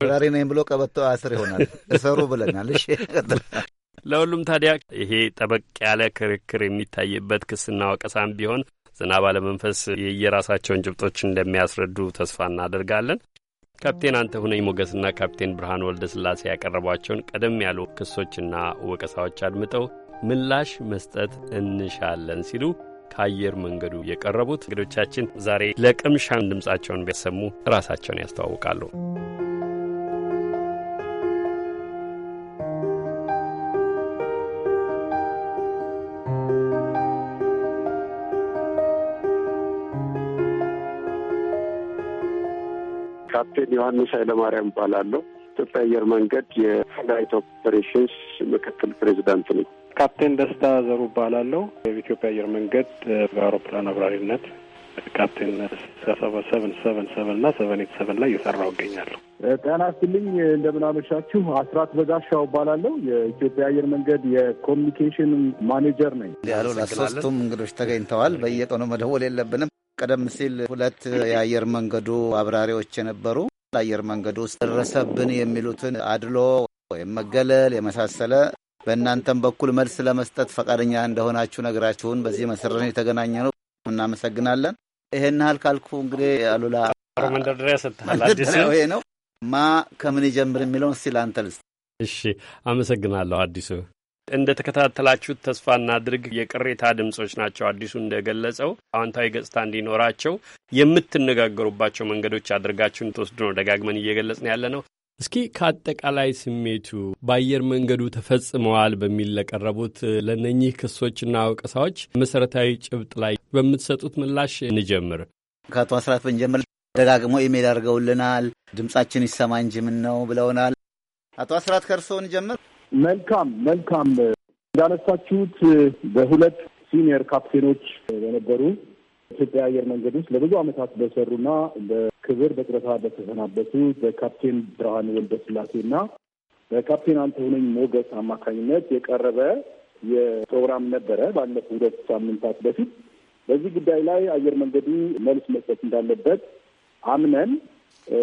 Speaker 3: በራሪ ነኝ ብሎ ቀበቶ አስር ይሆናል እሰሩ ብለናል። እሺ
Speaker 4: ለሁሉም ታዲያ ይሄ ጠበቅ ያለ ክርክር የሚታይበት ክስና ወቀሳም ቢሆን ዝናብ አለመንፈስ የየራሳቸውን ጭብጦች እንደሚያስረዱ ተስፋ እናደርጋለን። ካፕቴን አንተ ሁነኝ ሞገስና ካፕቴን ብርሃን ወልደ ስላሴ ያቀረቧቸውን ቀደም ያሉ ክሶችና ወቀሳዎች አድምጠው ምላሽ መስጠት እንሻለን ሲሉ ከአየር መንገዱ የቀረቡት እንግዶቻችን ዛሬ ለቅምሻን ድምፃቸውን ቢያሰሙ ራሳቸውን ያስተዋውቃሉ።
Speaker 2: ካፕቴን ዮሐንስ ኃይለማርያም እባላለሁ። ኢትዮጵያ አየር መንገድ የፍላይት ኦፕሬሽንስ ምክትል ፕሬዚዳንት ነኝ።
Speaker 6: ካፕቴን ደስታ ዘሩ እባላለሁ። በኢትዮጵያ አየር መንገድ በአውሮፕላን አብራሪነት ካፕቴን ሰቨን ሰቨን ሰቨን እና ሰቨን ኤት ሰቨን ላይ እየሰራሁ እገኛለሁ።
Speaker 2: ጤና ይስጥልኝ። እንደምናመሻችሁ። አስራት በጋሻው እባላለሁ። የኢትዮጵያ አየር መንገድ የኮሚኒኬሽን ማኔጀር ነኝ።
Speaker 3: ያሉ ለሶስቱም እንግዶች ተገኝተዋል። በየቀኑ መደወል የለብንም። ቀደም ሲል ሁለት የአየር መንገዱ አብራሪዎች የነበሩ አየር መንገዱ ውስጥ ደረሰብን የሚሉትን አድሎ ወይም መገለል የመሳሰለ በእናንተም በኩል መልስ ለመስጠት ፈቃደኛ እንደሆናችሁ ነገራችሁን። በዚህ መሰረት የተገናኘ ነው። እናመሰግናለን። ይሄን ያህል ካልኩ እንግዲህ አሉላ መንደርደሪያ ሰጥተሃል። [laughs] ነው ማ ከምን ይጀምር የሚለውን ሲል ለአንተ ልስጥ። እሺ፣ አመሰግናለሁ አዲሱ
Speaker 4: እንደ ተከታተላችሁት ተስፋ እናድርግ የቅሬታ ድምጾች ናቸው። አዲሱ እንደገለጸው አዎንታዊ ገጽታ እንዲኖራቸው የምትነጋገሩባቸው መንገዶች አድርጋችሁን ትወስዱ ነው ደጋግመን እየገለጽን ያለ ነው። እስኪ ከአጠቃላይ ስሜቱ በአየር መንገዱ ተፈጽመዋል በሚል ለቀረቡት ለነኚህ ክሶችና ወቀሳዎች መሰረታዊ ጭብጥ ላይ በምትሰጡት ምላሽ እንጀምር።
Speaker 3: ከአቶ አስራት ብንጀምር ደጋግሞ ኢሜል አድርገውልናል። ድምጻችን ይሰማ እንጂ ምን ነው ብለውናል። አቶ አስራት ከእርስዎ እንጀምር። መልካም መልካም እንዳነሳችሁት በሁለት ሲኒየር
Speaker 2: ካፕቴኖች በነበሩ ኢትዮጵያ አየር መንገድ ውስጥ ለብዙ ዓመታት በሰሩና በክብር በጡረታ በተሰናበቱ በካፕቴን ብርሃን ወልደስላሴና በካፕቴን አንተሁነኝ ሞገስ አማካኝነት የቀረበ የፕሮግራም ነበረ ባለፉ ሁለት ሳምንታት በፊት። በዚህ ጉዳይ ላይ አየር መንገዱ መልስ መስጠት እንዳለበት አምነን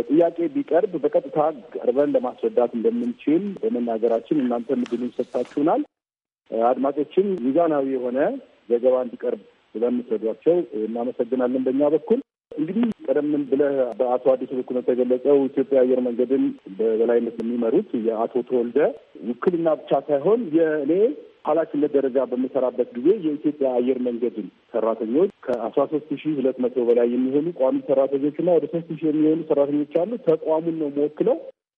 Speaker 2: ጥያቄ ቢቀርብ በቀጥታ ቀርበን ለማስረዳት እንደምንችል በመናገራችን እናንተ ዕድሉን ሰጥታችሁናል። አድማጮችም ሚዛናዊ የሆነ ዘገባ እንዲቀርብ ስለምትረዷቸው እናመሰግናለን። በእኛ በኩል እንግዲህ ቀደም ብለህ በአቶ አዲሱ በኩል የተገለጸው ኢትዮጵያ አየር መንገድን በበላይነት የሚመሩት የአቶ ተወልደ ውክልና ብቻ ሳይሆን የእኔ ኃላፊነት ደረጃ በምሰራበት ጊዜ የኢትዮጵያ አየር መንገድን ሰራተኞች ከአስራ ሶስት ሺ ሁለት መቶ በላይ የሚሆኑ ቋሚ ሰራተኞችና ወደ ሶስት ሺ የሚሆኑ ሰራተኞች አሉ። ተቋሙን ነው መወክለው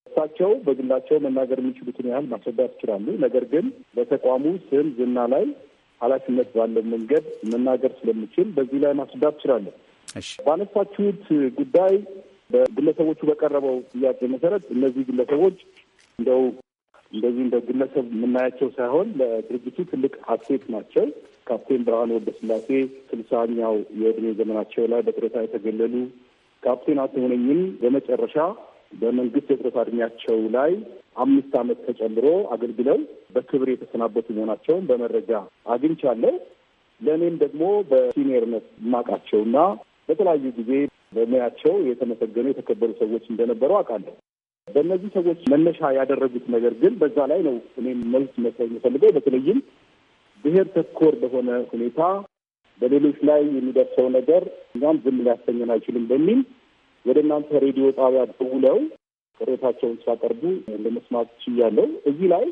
Speaker 2: እሳቸው በግላቸው መናገር የሚችሉትን ያህል ማስረዳት ይችላሉ። ነገር ግን በተቋሙ ስም ዝና ላይ ኃላፊነት ባለው መንገድ መናገር ስለምችል በዚህ ላይ ማስረዳት እችላለሁ። ባነሳችሁት ጉዳይ በግለሰቦቹ በቀረበው ጥያቄ መሰረት እነዚህ ግለሰቦች እንደው እንደዚህ እንደ ግለሰብ የምናያቸው ሳይሆን ለድርጅቱ ትልቅ ሀሴት ናቸው። ካፕቴን ብርሃን ወልደስላሴ ስልሳኛው የእድሜ ዘመናቸው ላይ በጡረታ የተገለሉ ካፕቴን አትሆነኝም በመጨረሻ በመንግስት የጡረታ እድሜያቸው ላይ አምስት ዓመት ተጨምሮ አገልግለው በክብር የተሰናበቱ መሆናቸውን በመረጃ አግኝቻለሁ። ለእኔም ደግሞ በሲኒየርነት የማውቃቸውና በተለያዩ ጊዜ በሙያቸው የተመሰገኑ የተከበሩ ሰዎች እንደነበሩ አውቃለሁ። በእነዚህ ሰዎች መነሻ ያደረጉት ነገር ግን በዛ ላይ ነው እኔም መልስ መስጠት የሚፈልገው በተለይም ብሔር ተኮር በሆነ ሁኔታ በሌሎች ላይ የሚደርሰው ነገር እኛም ዝም ሊያሰኘን አይችልም በሚል ወደ እናንተ ሬዲዮ ጣቢያ ደውለው ቅሬታቸውን ሲያቀርቡ ለመስማት ችያለው። እዚህ ላይ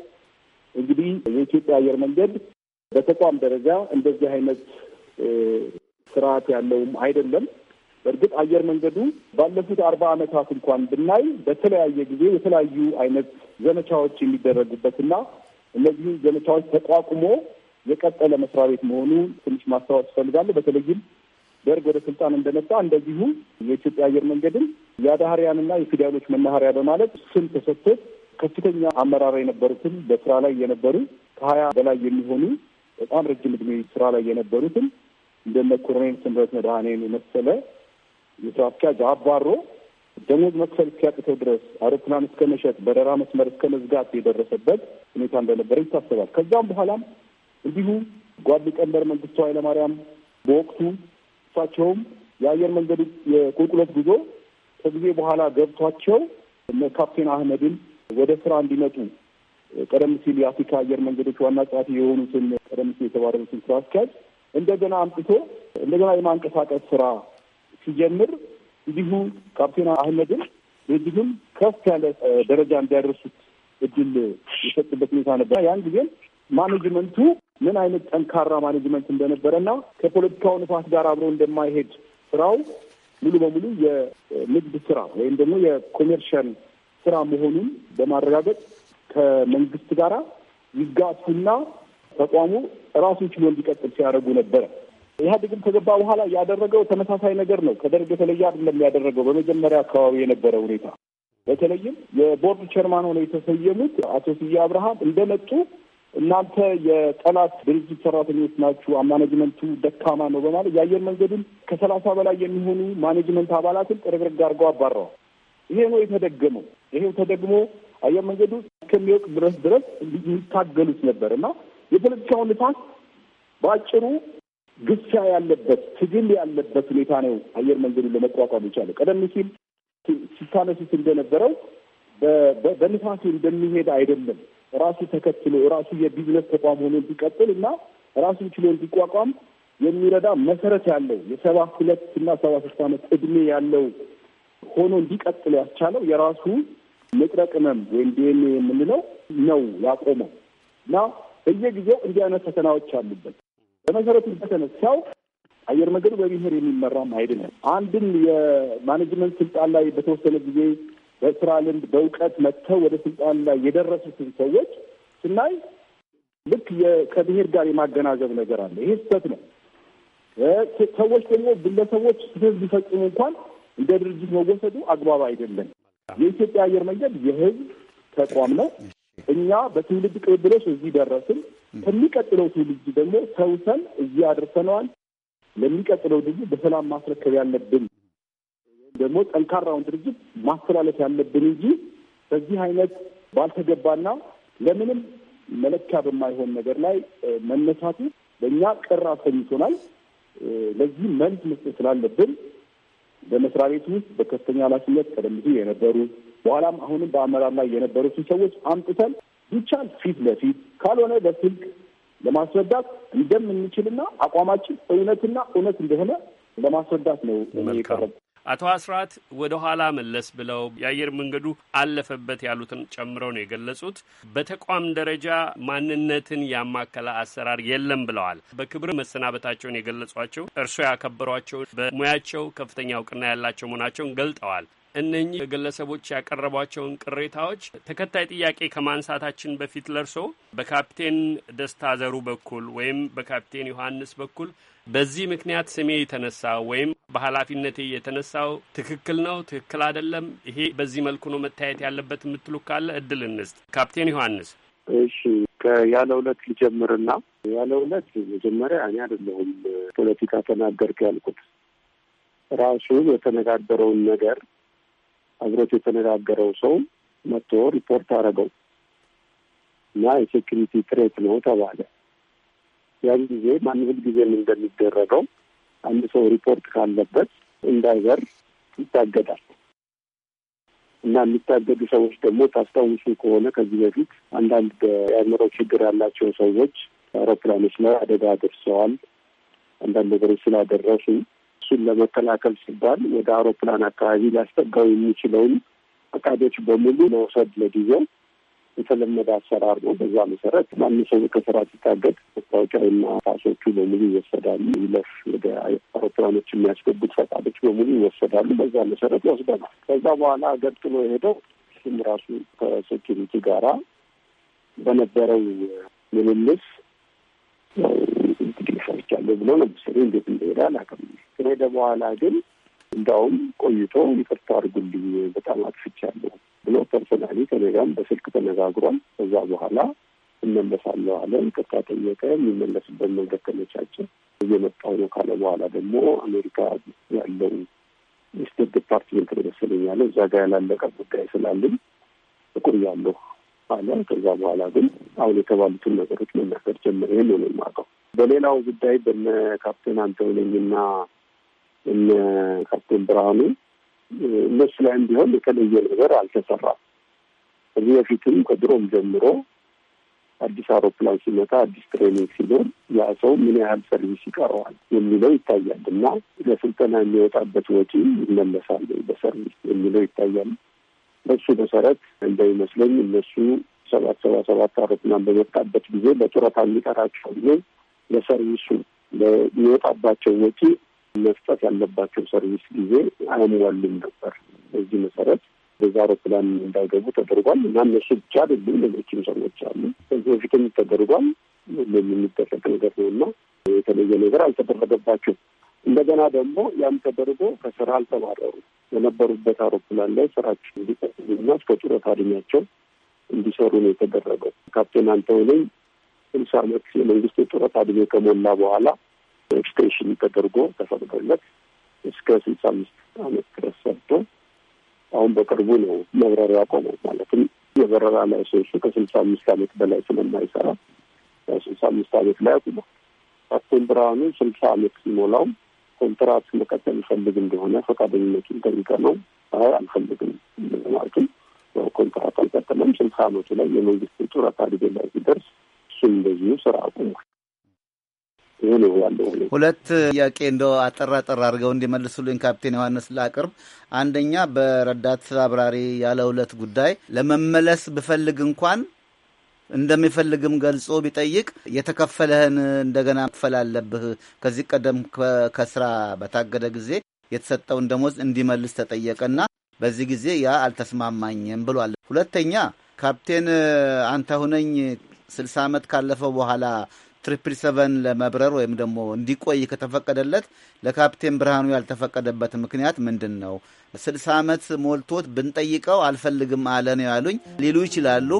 Speaker 2: እንግዲህ የኢትዮጵያ አየር መንገድ በተቋም ደረጃ እንደዚህ አይነት ስርዓት ያለውም አይደለም። በእርግጥ አየር መንገዱ ባለፉት አርባ ዓመታት እንኳን ብናይ በተለያየ ጊዜ የተለያዩ አይነት ዘመቻዎች የሚደረጉበትና እነዚህ ዘመቻዎች ተቋቁሞ የቀጠለ መስሪያ ቤት መሆኑ ትንሽ ማስታወስ እፈልጋለሁ። በተለይም ደርግ ወደ ስልጣን እንደመጣ እንደዚሁ የኢትዮጵያ አየር መንገድን የአዳህሪያንና የፊደሎች መናኸሪያ በማለት ስም ተሰጥቶት ከፍተኛ አመራር የነበሩትን በስራ ላይ የነበሩ ከሀያ በላይ የሚሆኑ በጣም ረጅም እድሜ ስራ ላይ የነበሩትን እንደነ ኮሎኔል ስምረት መድኃኔን የመሰለ የስራ አስኪያጅ አባሮ ደሞዝ መክፈል እስኪያቅተው ድረስ አውሮፕላን እስከ መሸጥ፣ በረራ መስመር እስከ መዝጋት የደረሰበት ሁኔታ እንደነበረ ይታሰባል። ከዛም በኋላም እንዲሁ ጓድ ቀንበር መንግስቱ ኃይለማርያም በወቅቱ እሳቸውም የአየር መንገዱ የቁልቁለት ጉዞ ከጊዜ በኋላ ገብቷቸው ካፕቴን አህመድን ወደ ስራ እንዲመጡ ቀደም ሲል የአፍሪካ አየር መንገዶች ዋና ጸሐፊ የሆኑትን ቀደም ሲል የተባረሩትን ስራ አስኪያጅ እንደገና አምጥቶ እንደገና የማንቀሳቀስ ስራ ሲጀምር እንዲሁ ካፕቴን አህመድን ድርጅቱም ከፍ ያለ ደረጃ እንዲያደርሱት እድል የሰጡበት ሁኔታ ነበር። ያን ጊዜም ማኔጅመንቱ ምን አይነት ጠንካራ ማኔጅመንት እንደነበረና ከፖለቲካው ንፋት ጋር አብሮ እንደማይሄድ ስራው ሙሉ በሙሉ የንግድ ስራ ወይም ደግሞ የኮሜርሻል ስራ መሆኑን በማረጋገጥ ከመንግስት ጋር ይጋቱና ተቋሙ ራሱን ችሎ እንዲቀጥል ሲያደርጉ ነበረ። ኢህአዴግም ከገባ በኋላ ያደረገው ተመሳሳይ ነገር ነው። ከደርግ የተለየ አይደለም ያደረገው በመጀመሪያ አካባቢ የነበረ ሁኔታ። በተለይም የቦርድ ቸርማን ሆነው የተሰየሙት አቶ ስዬ አብርሃም እንደመጡ እናንተ የጠላት ድርጅት ሰራተኞች ናችሁ፣ ማኔጅመንቱ ደካማ ነው በማለት የአየር መንገድን ከሰላሳ በላይ የሚሆኑ ማኔጅመንት አባላትን ጥርግርግ አድርገው አባረዋል። ይሄ ነው የተደገመው። ይሄው ተደግሞ አየር መንገዱ እስከሚወቅ ድረስ ድረስ የሚታገሉት ነበር እና የፖለቲካውን ንፋስ በአጭሩ ግቻ ያለበት ትግል ያለበት ሁኔታ ነው አየር መንገዱን ለመቋቋም የቻለው። ቀደም ሲል ሲታነሱት እንደነበረው በንፋስ እንደሚሄድ አይደለም። ራሱ ተከትሎ ራሱ የቢዝነስ ተቋም ሆኖ እንዲቀጥል እና ራሱን ችሎ እንዲቋቋም የሚረዳ መሰረት ያለው የሰባ ሁለት እና ሰባ ሶስት ዓመት እድሜ ያለው ሆኖ እንዲቀጥል ያስቻለው የራሱ ንጥረ ቅመም ወይም ዲኤንኤ የምንለው ነው ያቆመው እና በየጊዜው እንዲህ አይነት ፈተናዎች አሉበት። በመሰረቱ በተነሳው አየር መንገዱ በብሔር የሚመራም ነው። አንድን የማኔጅመንት ስልጣን ላይ በተወሰነ ጊዜ በስራ ልምድ፣ በእውቀት መጥተው ወደ ስልጣን ላይ የደረሱትን ሰዎች ስናይ ልክ ከብሔር ጋር የማገናዘብ ነገር አለ። ይሄ ስህተት ነው። ሰዎች ደግሞ ግለሰቦች ስህተት ቢፈጽሙ እንኳን እንደ ድርጅት መወሰዱ አግባብ አይደለም። የኢትዮጵያ አየር መንገድ የህዝብ ተቋም ነው። እኛ በትውልድ ቅብብሎች እዚህ ደረስን። ከሚቀጥለው ትውልድ ደግሞ ሰውሰን እዚህ አድርሰነዋል። ለሚቀጥለው ድርጅት በሰላም ማስረከብ ያለብን ወይም ደግሞ ጠንካራውን ድርጅት ማስተላለፍ ያለብን እንጂ በዚህ አይነት ባልተገባና ለምንም መለኪያ በማይሆን ነገር ላይ መነሳቱ በእኛ ቅር አሰኝቶናል። ለዚህ መልስ መስጠት ስላለብን በመስሪያ ቤት ውስጥ በከፍተኛ ኃላፊነት ቀደም ሲል የነበሩ በኋላም አሁንም በአመራር ላይ የነበሩትን ሰዎች አምጥተን ቢቻል ፊት ለፊት ካልሆነ በስልክ ለማስረዳት እንደምንችልና አቋማችን እውነትና እውነት እንደሆነ ለማስረዳት ነው የቀረቡ።
Speaker 4: አቶ አስራት ወደ ኋላ መለስ ብለው የአየር መንገዱ አለፈበት ያሉትን ጨምረው ነው የገለጹት። በተቋም ደረጃ ማንነትን ያማከለ አሰራር የለም ብለዋል። በክብር መሰናበታቸውን የገለጿቸው እርስዎ ያከበሯቸው በሙያቸው ከፍተኛ እውቅና ያላቸው መሆናቸውን ገልጠዋል። እነኚህ ግለሰቦች ያቀረቧቸውን ቅሬታዎች ተከታይ ጥያቄ ከማንሳታችን በፊት ለርሶ በካፕቴን ደስታ ዘሩ በኩል ወይም በካፕቴን ዮሐንስ በኩል በዚህ ምክንያት ስሜ የተነሳ ወይም በኃላፊነቴ የተነሳው ትክክል ነው፣ ትክክል አይደለም፣ ይሄ በዚህ መልኩ ነው መታየት ያለበት የምትሉ ካለ እድል እንስጥ። ካፕቴን ዮሐንስ።
Speaker 2: እሺ ያለ ሁለት ልጀምርና ያለ ሁለት መጀመሪያ እኔ አይደለሁም ፖለቲካ ተናገርክ ያልኩት ራሱ የተነጋገረውን ነገር አብሮት የተነጋገረው ሰው መጥቶ ሪፖርት አረገው እና የሴኪሪቲ ትሬት ነው ተባለ። ያን ጊዜ ማን ጊዜም እንደሚደረገው አንድ ሰው ሪፖርት ካለበት እንዳይበር ይታገዳል እና የሚታገዱ ሰዎች ደግሞ ታስታውሱ ከሆነ ከዚህ በፊት አንዳንድ የአእምሮ ችግር ያላቸው ሰዎች አውሮፕላኖች ላይ አደጋ ደርሰዋል። አንዳንድ ነገሮች ስላደረሱ እሱን ለመከላከል ሲባል ወደ አውሮፕላን አካባቢ ሊያስጠጋው የሚችለውን ፈቃዶች በሙሉ መውሰድ ለጊዜው የተለመደ አሰራር ነው። በዛ መሰረት ማን ሰው ከስራ ሲታገድ መታወቂያውና ፓሶቹ በሙሉ ይወሰዳሉ። ይለፍ ወደ አውሮፕላኖች የሚያስገቡት ፈቃዶች በሙሉ ይወሰዳሉ። በዛ መሰረት ይወስደናል። ከዛ በኋላ ገጥሎ የሄደው እሱም ራሱ ከሴኪሪቲ ጋራ በነበረው ምልልስ ትልቁን ትግል ሰርቻለሁ ብሎ ለምሳሌ እንዴት እንደሄደ አላውቅም። ከሄደ በኋላ ግን እንዳውም ቆይቶ ይቅርታ አድርጉልኝ በጣም አጥፍቻለሁ ብሎ ፐርሶናሊ ከሌላም በስልክ ተነጋግሯል። ከዛ በኋላ እመለሳለሁ አለ። ይቅርታ ጠየቀ። የሚመለስበት መንገድ ተመቻቸው። እየመጣው ነው ካለ በኋላ ደግሞ አሜሪካ ያለው ስቴት ዲፓርትመንት ነው መሰለኝ ያለ እዛ ጋር ያላለቀ ጉዳይ እቁር ያለሁ አለ። ከዛ በኋላ ግን አሁን የተባሉትን ነገሮች መናገር ጀመረ። ይህን ነው የማውቀው። በሌላው ጉዳይ በነ ካፕቴን አንቶኒና እነ ካፕቴን ብርሃኑ እነሱ ላይም ቢሆን የተለየ ነገር አልተሰራም። ከዚህ በፊትም ከድሮም ጀምሮ አዲስ አውሮፕላን ሲመጣ አዲስ ትሬኒንግ ሲኖር ያ ሰው ምን ያህል ሰርቪስ ይቀረዋል የሚለው ይታያል እና ለስልጠና የሚወጣበት ወጪ ይመለሳል በሰርቪስ የሚለው ይታያል። በሱ መሰረት እንደሚመስለኝ እነሱ ሰባት ሰባ ሰባት አውሮፕላን በመጣበት ጊዜ በጡረታ የሚቀራቸው ጊዜ ለሰርቪሱ የሚወጣባቸው ወጪ መስጠት ያለባቸው ሰርቪስ ጊዜ አያሟሉም ነበር። በዚህ መሰረት በዛ አውሮፕላን እንዳይገቡ ተደርጓል እና እነሱ ብቻ አይደሉም፣ ሌሎችም ሰዎች አሉ። ከዚህ በፊትም ተደርጓል። የሚደረግ ነገር ነው እና የተለየ ነገር አልተደረገባቸው። እንደገና ደግሞ ያም ተደርጎ ከስራ አልተባረሩ የነበሩበት አውሮፕላን ላይ ስራቸው እንዲቀጥሉና እስከ ጡረታ ዕድሜያቸው እንዲሰሩ ነው የተደረገው። ካፕቴን አንተውነኝ ስልሳ ዓመት የመንግስት ጡረታ ጊዜ ከሞላ በኋላ ኤክስቴንሽን ተደርጎ ተፈቅዶለት እስከ ስልሳ አምስት ዓመት ድረስ ሰርቶ አሁን በቅርቡ ነው መብረር ያቆመው። ማለትም የበረራ ላይሰንሱ ከስልሳ አምስት ዓመት በላይ ስለማይሰራ ስልሳ አምስት ዓመት ላይ አቁሟል። ካፕቴን ብርሃኑ ስልሳ ዓመት ሲሞላው ኮንትራት መቀጠል ይፈልግ እንደሆነ ፈቃደኝነቱን ጠይቀ ነው አይ አልፈልግም ማለትም ኮንትራት አልቀጠለም። ስልሳ አመቱ ላይ የመንግስት ጡረታ ጊዜ ላይ ሲደርስ እሱ እንደዚሁ ስራ አቁሟል።
Speaker 3: ሁለት ጥያቄ እንደው አጠር አጠር አድርገው እንዲመልሱልኝ ካፕቴን ዮሐንስ ላቅርብ። አንደኛ በረዳት አብራሪ ያለ ሁለት ጉዳይ ለመመለስ ብፈልግ እንኳን እንደሚፈልግም ገልጾ ቢጠይቅ የተከፈለህን እንደገና መክፈል አለብህ። ከዚህ ቀደም ከስራ በታገደ ጊዜ የተሰጠውን ደሞዝ እንዲመልስ ተጠየቀና በዚህ ጊዜ ያ አልተስማማኝም ብሏል። ሁለተኛ ካፕቴን አንተ ሁነኝ ስልሳ ዓመት ካለፈው በኋላ ትሪፕል ሰቨን ለመብረር ወይም ደግሞ እንዲቆይ ከተፈቀደለት ለካፕቴን ብርሃኑ ያልተፈቀደበት ምክንያት ምንድን ነው? ስልሳ ዓመት ሞልቶት ብንጠይቀው አልፈልግም አለ ነው ያሉኝ ሊሉ ይችላሉ።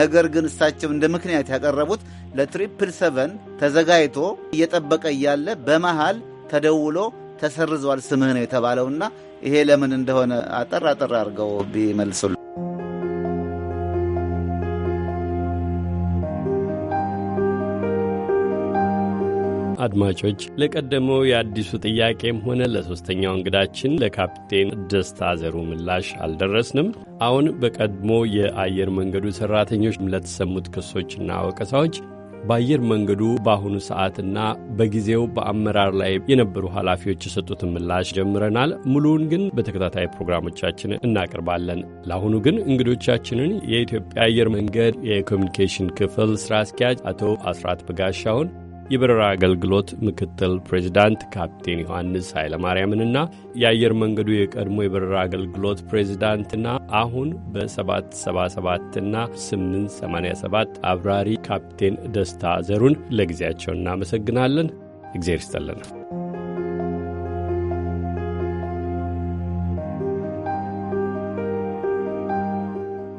Speaker 3: ነገር ግን እሳቸው እንደ ምክንያት ያቀረቡት ለትሪፕል ሰቨን ተዘጋጅቶ እየጠበቀ እያለ በመሃል ተደውሎ ተሰርዟል ስምህ ነው የተባለውና ይሄ ለምን እንደሆነ አጠር አጠር አድርገው ቢመልሱል
Speaker 4: አድማጮች ለቀደመው የአዲሱ ጥያቄም ሆነ ለሦስተኛው እንግዳችን ለካፕቴን ደስታ ዘሩ ምላሽ አልደረስንም። አሁን በቀድሞ የአየር መንገዱ ሠራተኞች ለተሰሙት ክሶችና ወቀሳዎች በአየር መንገዱ በአሁኑ ሰዓትና በጊዜው በአመራር ላይ የነበሩ ኃላፊዎች የሰጡትን ምላሽ ጀምረናል። ሙሉውን ግን በተከታታይ ፕሮግራሞቻችን እናቀርባለን። ለአሁኑ ግን እንግዶቻችንን የኢትዮጵያ አየር መንገድ የኮሚኒኬሽን ክፍል ሥራ አስኪያጅ አቶ አስራት በጋሻውን የበረራ አገልግሎት ምክትል ፕሬዚዳንት ካፕቴን ዮሐንስ ኃይለማርያምንና የአየር መንገዱ የቀድሞ የበረራ አገልግሎት ፕሬዚዳንትና አሁን በ777ና 887 አብራሪ ካፕቴን ደስታ ዘሩን ለጊዜያቸው እናመሰግናለን። እግዜር ይስጠልን።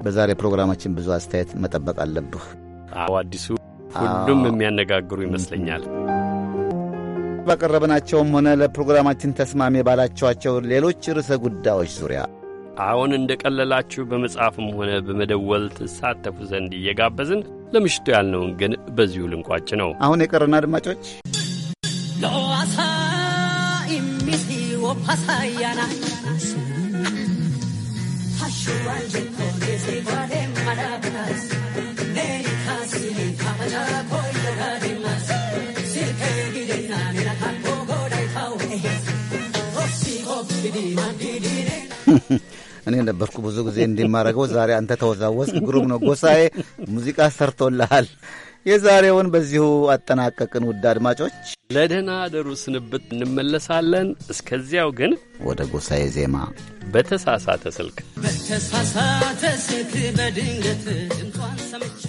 Speaker 3: በዛሬ ፕሮግራማችን ብዙ አስተያየት መጠበቅ አለብህ።
Speaker 4: አዎ አዲሱ ሁሉም የሚያነጋግሩ ይመስለኛል።
Speaker 3: ባቀረብናቸውም ሆነ ለፕሮግራማችን ተስማሚ ባላቸዋቸው ሌሎች ርዕሰ ጉዳዮች ዙሪያ
Speaker 4: አሁን እንደ ቀለላችሁ በመጻፍም ሆነ በመደወል ትሳተፉ ዘንድ እየጋበዝን ለምሽቱ ያልነውን ግን በዚሁ ልንቋጭ ነው።
Speaker 3: አሁን የቀረን አድማጮች ሳ እኔ ነበርኩ ብዙ ጊዜ እንዲማረገው ዛሬ አንተ ተወዛወዝክ። ግሩም ነው ጎሳዬ፣ ሙዚቃ ሰርቶልሃል። የዛሬውን በዚሁ አጠናቀቅን። ውድ አድማጮች
Speaker 4: ለደህና አደሩ ስንብት እንመለሳለን። እስከዚያው ግን ወደ ጎሳዬ ዜማ በተሳሳተ ስልክ
Speaker 3: በተሳሳተ ስልክ በድንገት እንኳን ሰምቼ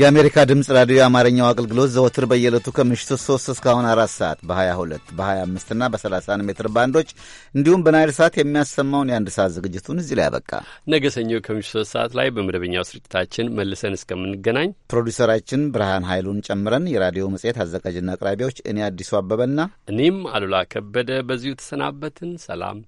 Speaker 3: የአሜሪካ ድምፅ ራዲዮ የአማርኛው አገልግሎት ዘወትር በየዕለቱ ከምሽቱ 3 እስካሁን 4 ሰዓት በ22 በ25 እና በ31 ሜትር ባንዶች እንዲሁም በናይል ሰዓት የሚያሰማውን የአንድ ሰዓት ዝግጅቱን እዚህ ላይ ያበቃ።
Speaker 4: ነገ ሰኞ ከምሽቱ 3 ሰዓት ላይ በመደበኛው ስርጭታችን
Speaker 3: መልሰን እስከምንገናኝ ፕሮዲውሰራችን ብርሃን ኃይሉን ጨምረን የራዲዮ መጽሔት አዘጋጅና አቅራቢዎች እኔ አዲሱ አበበና
Speaker 4: እኔም አሉላ ከበደ በዚሁ ተሰናበትን። ሰላም።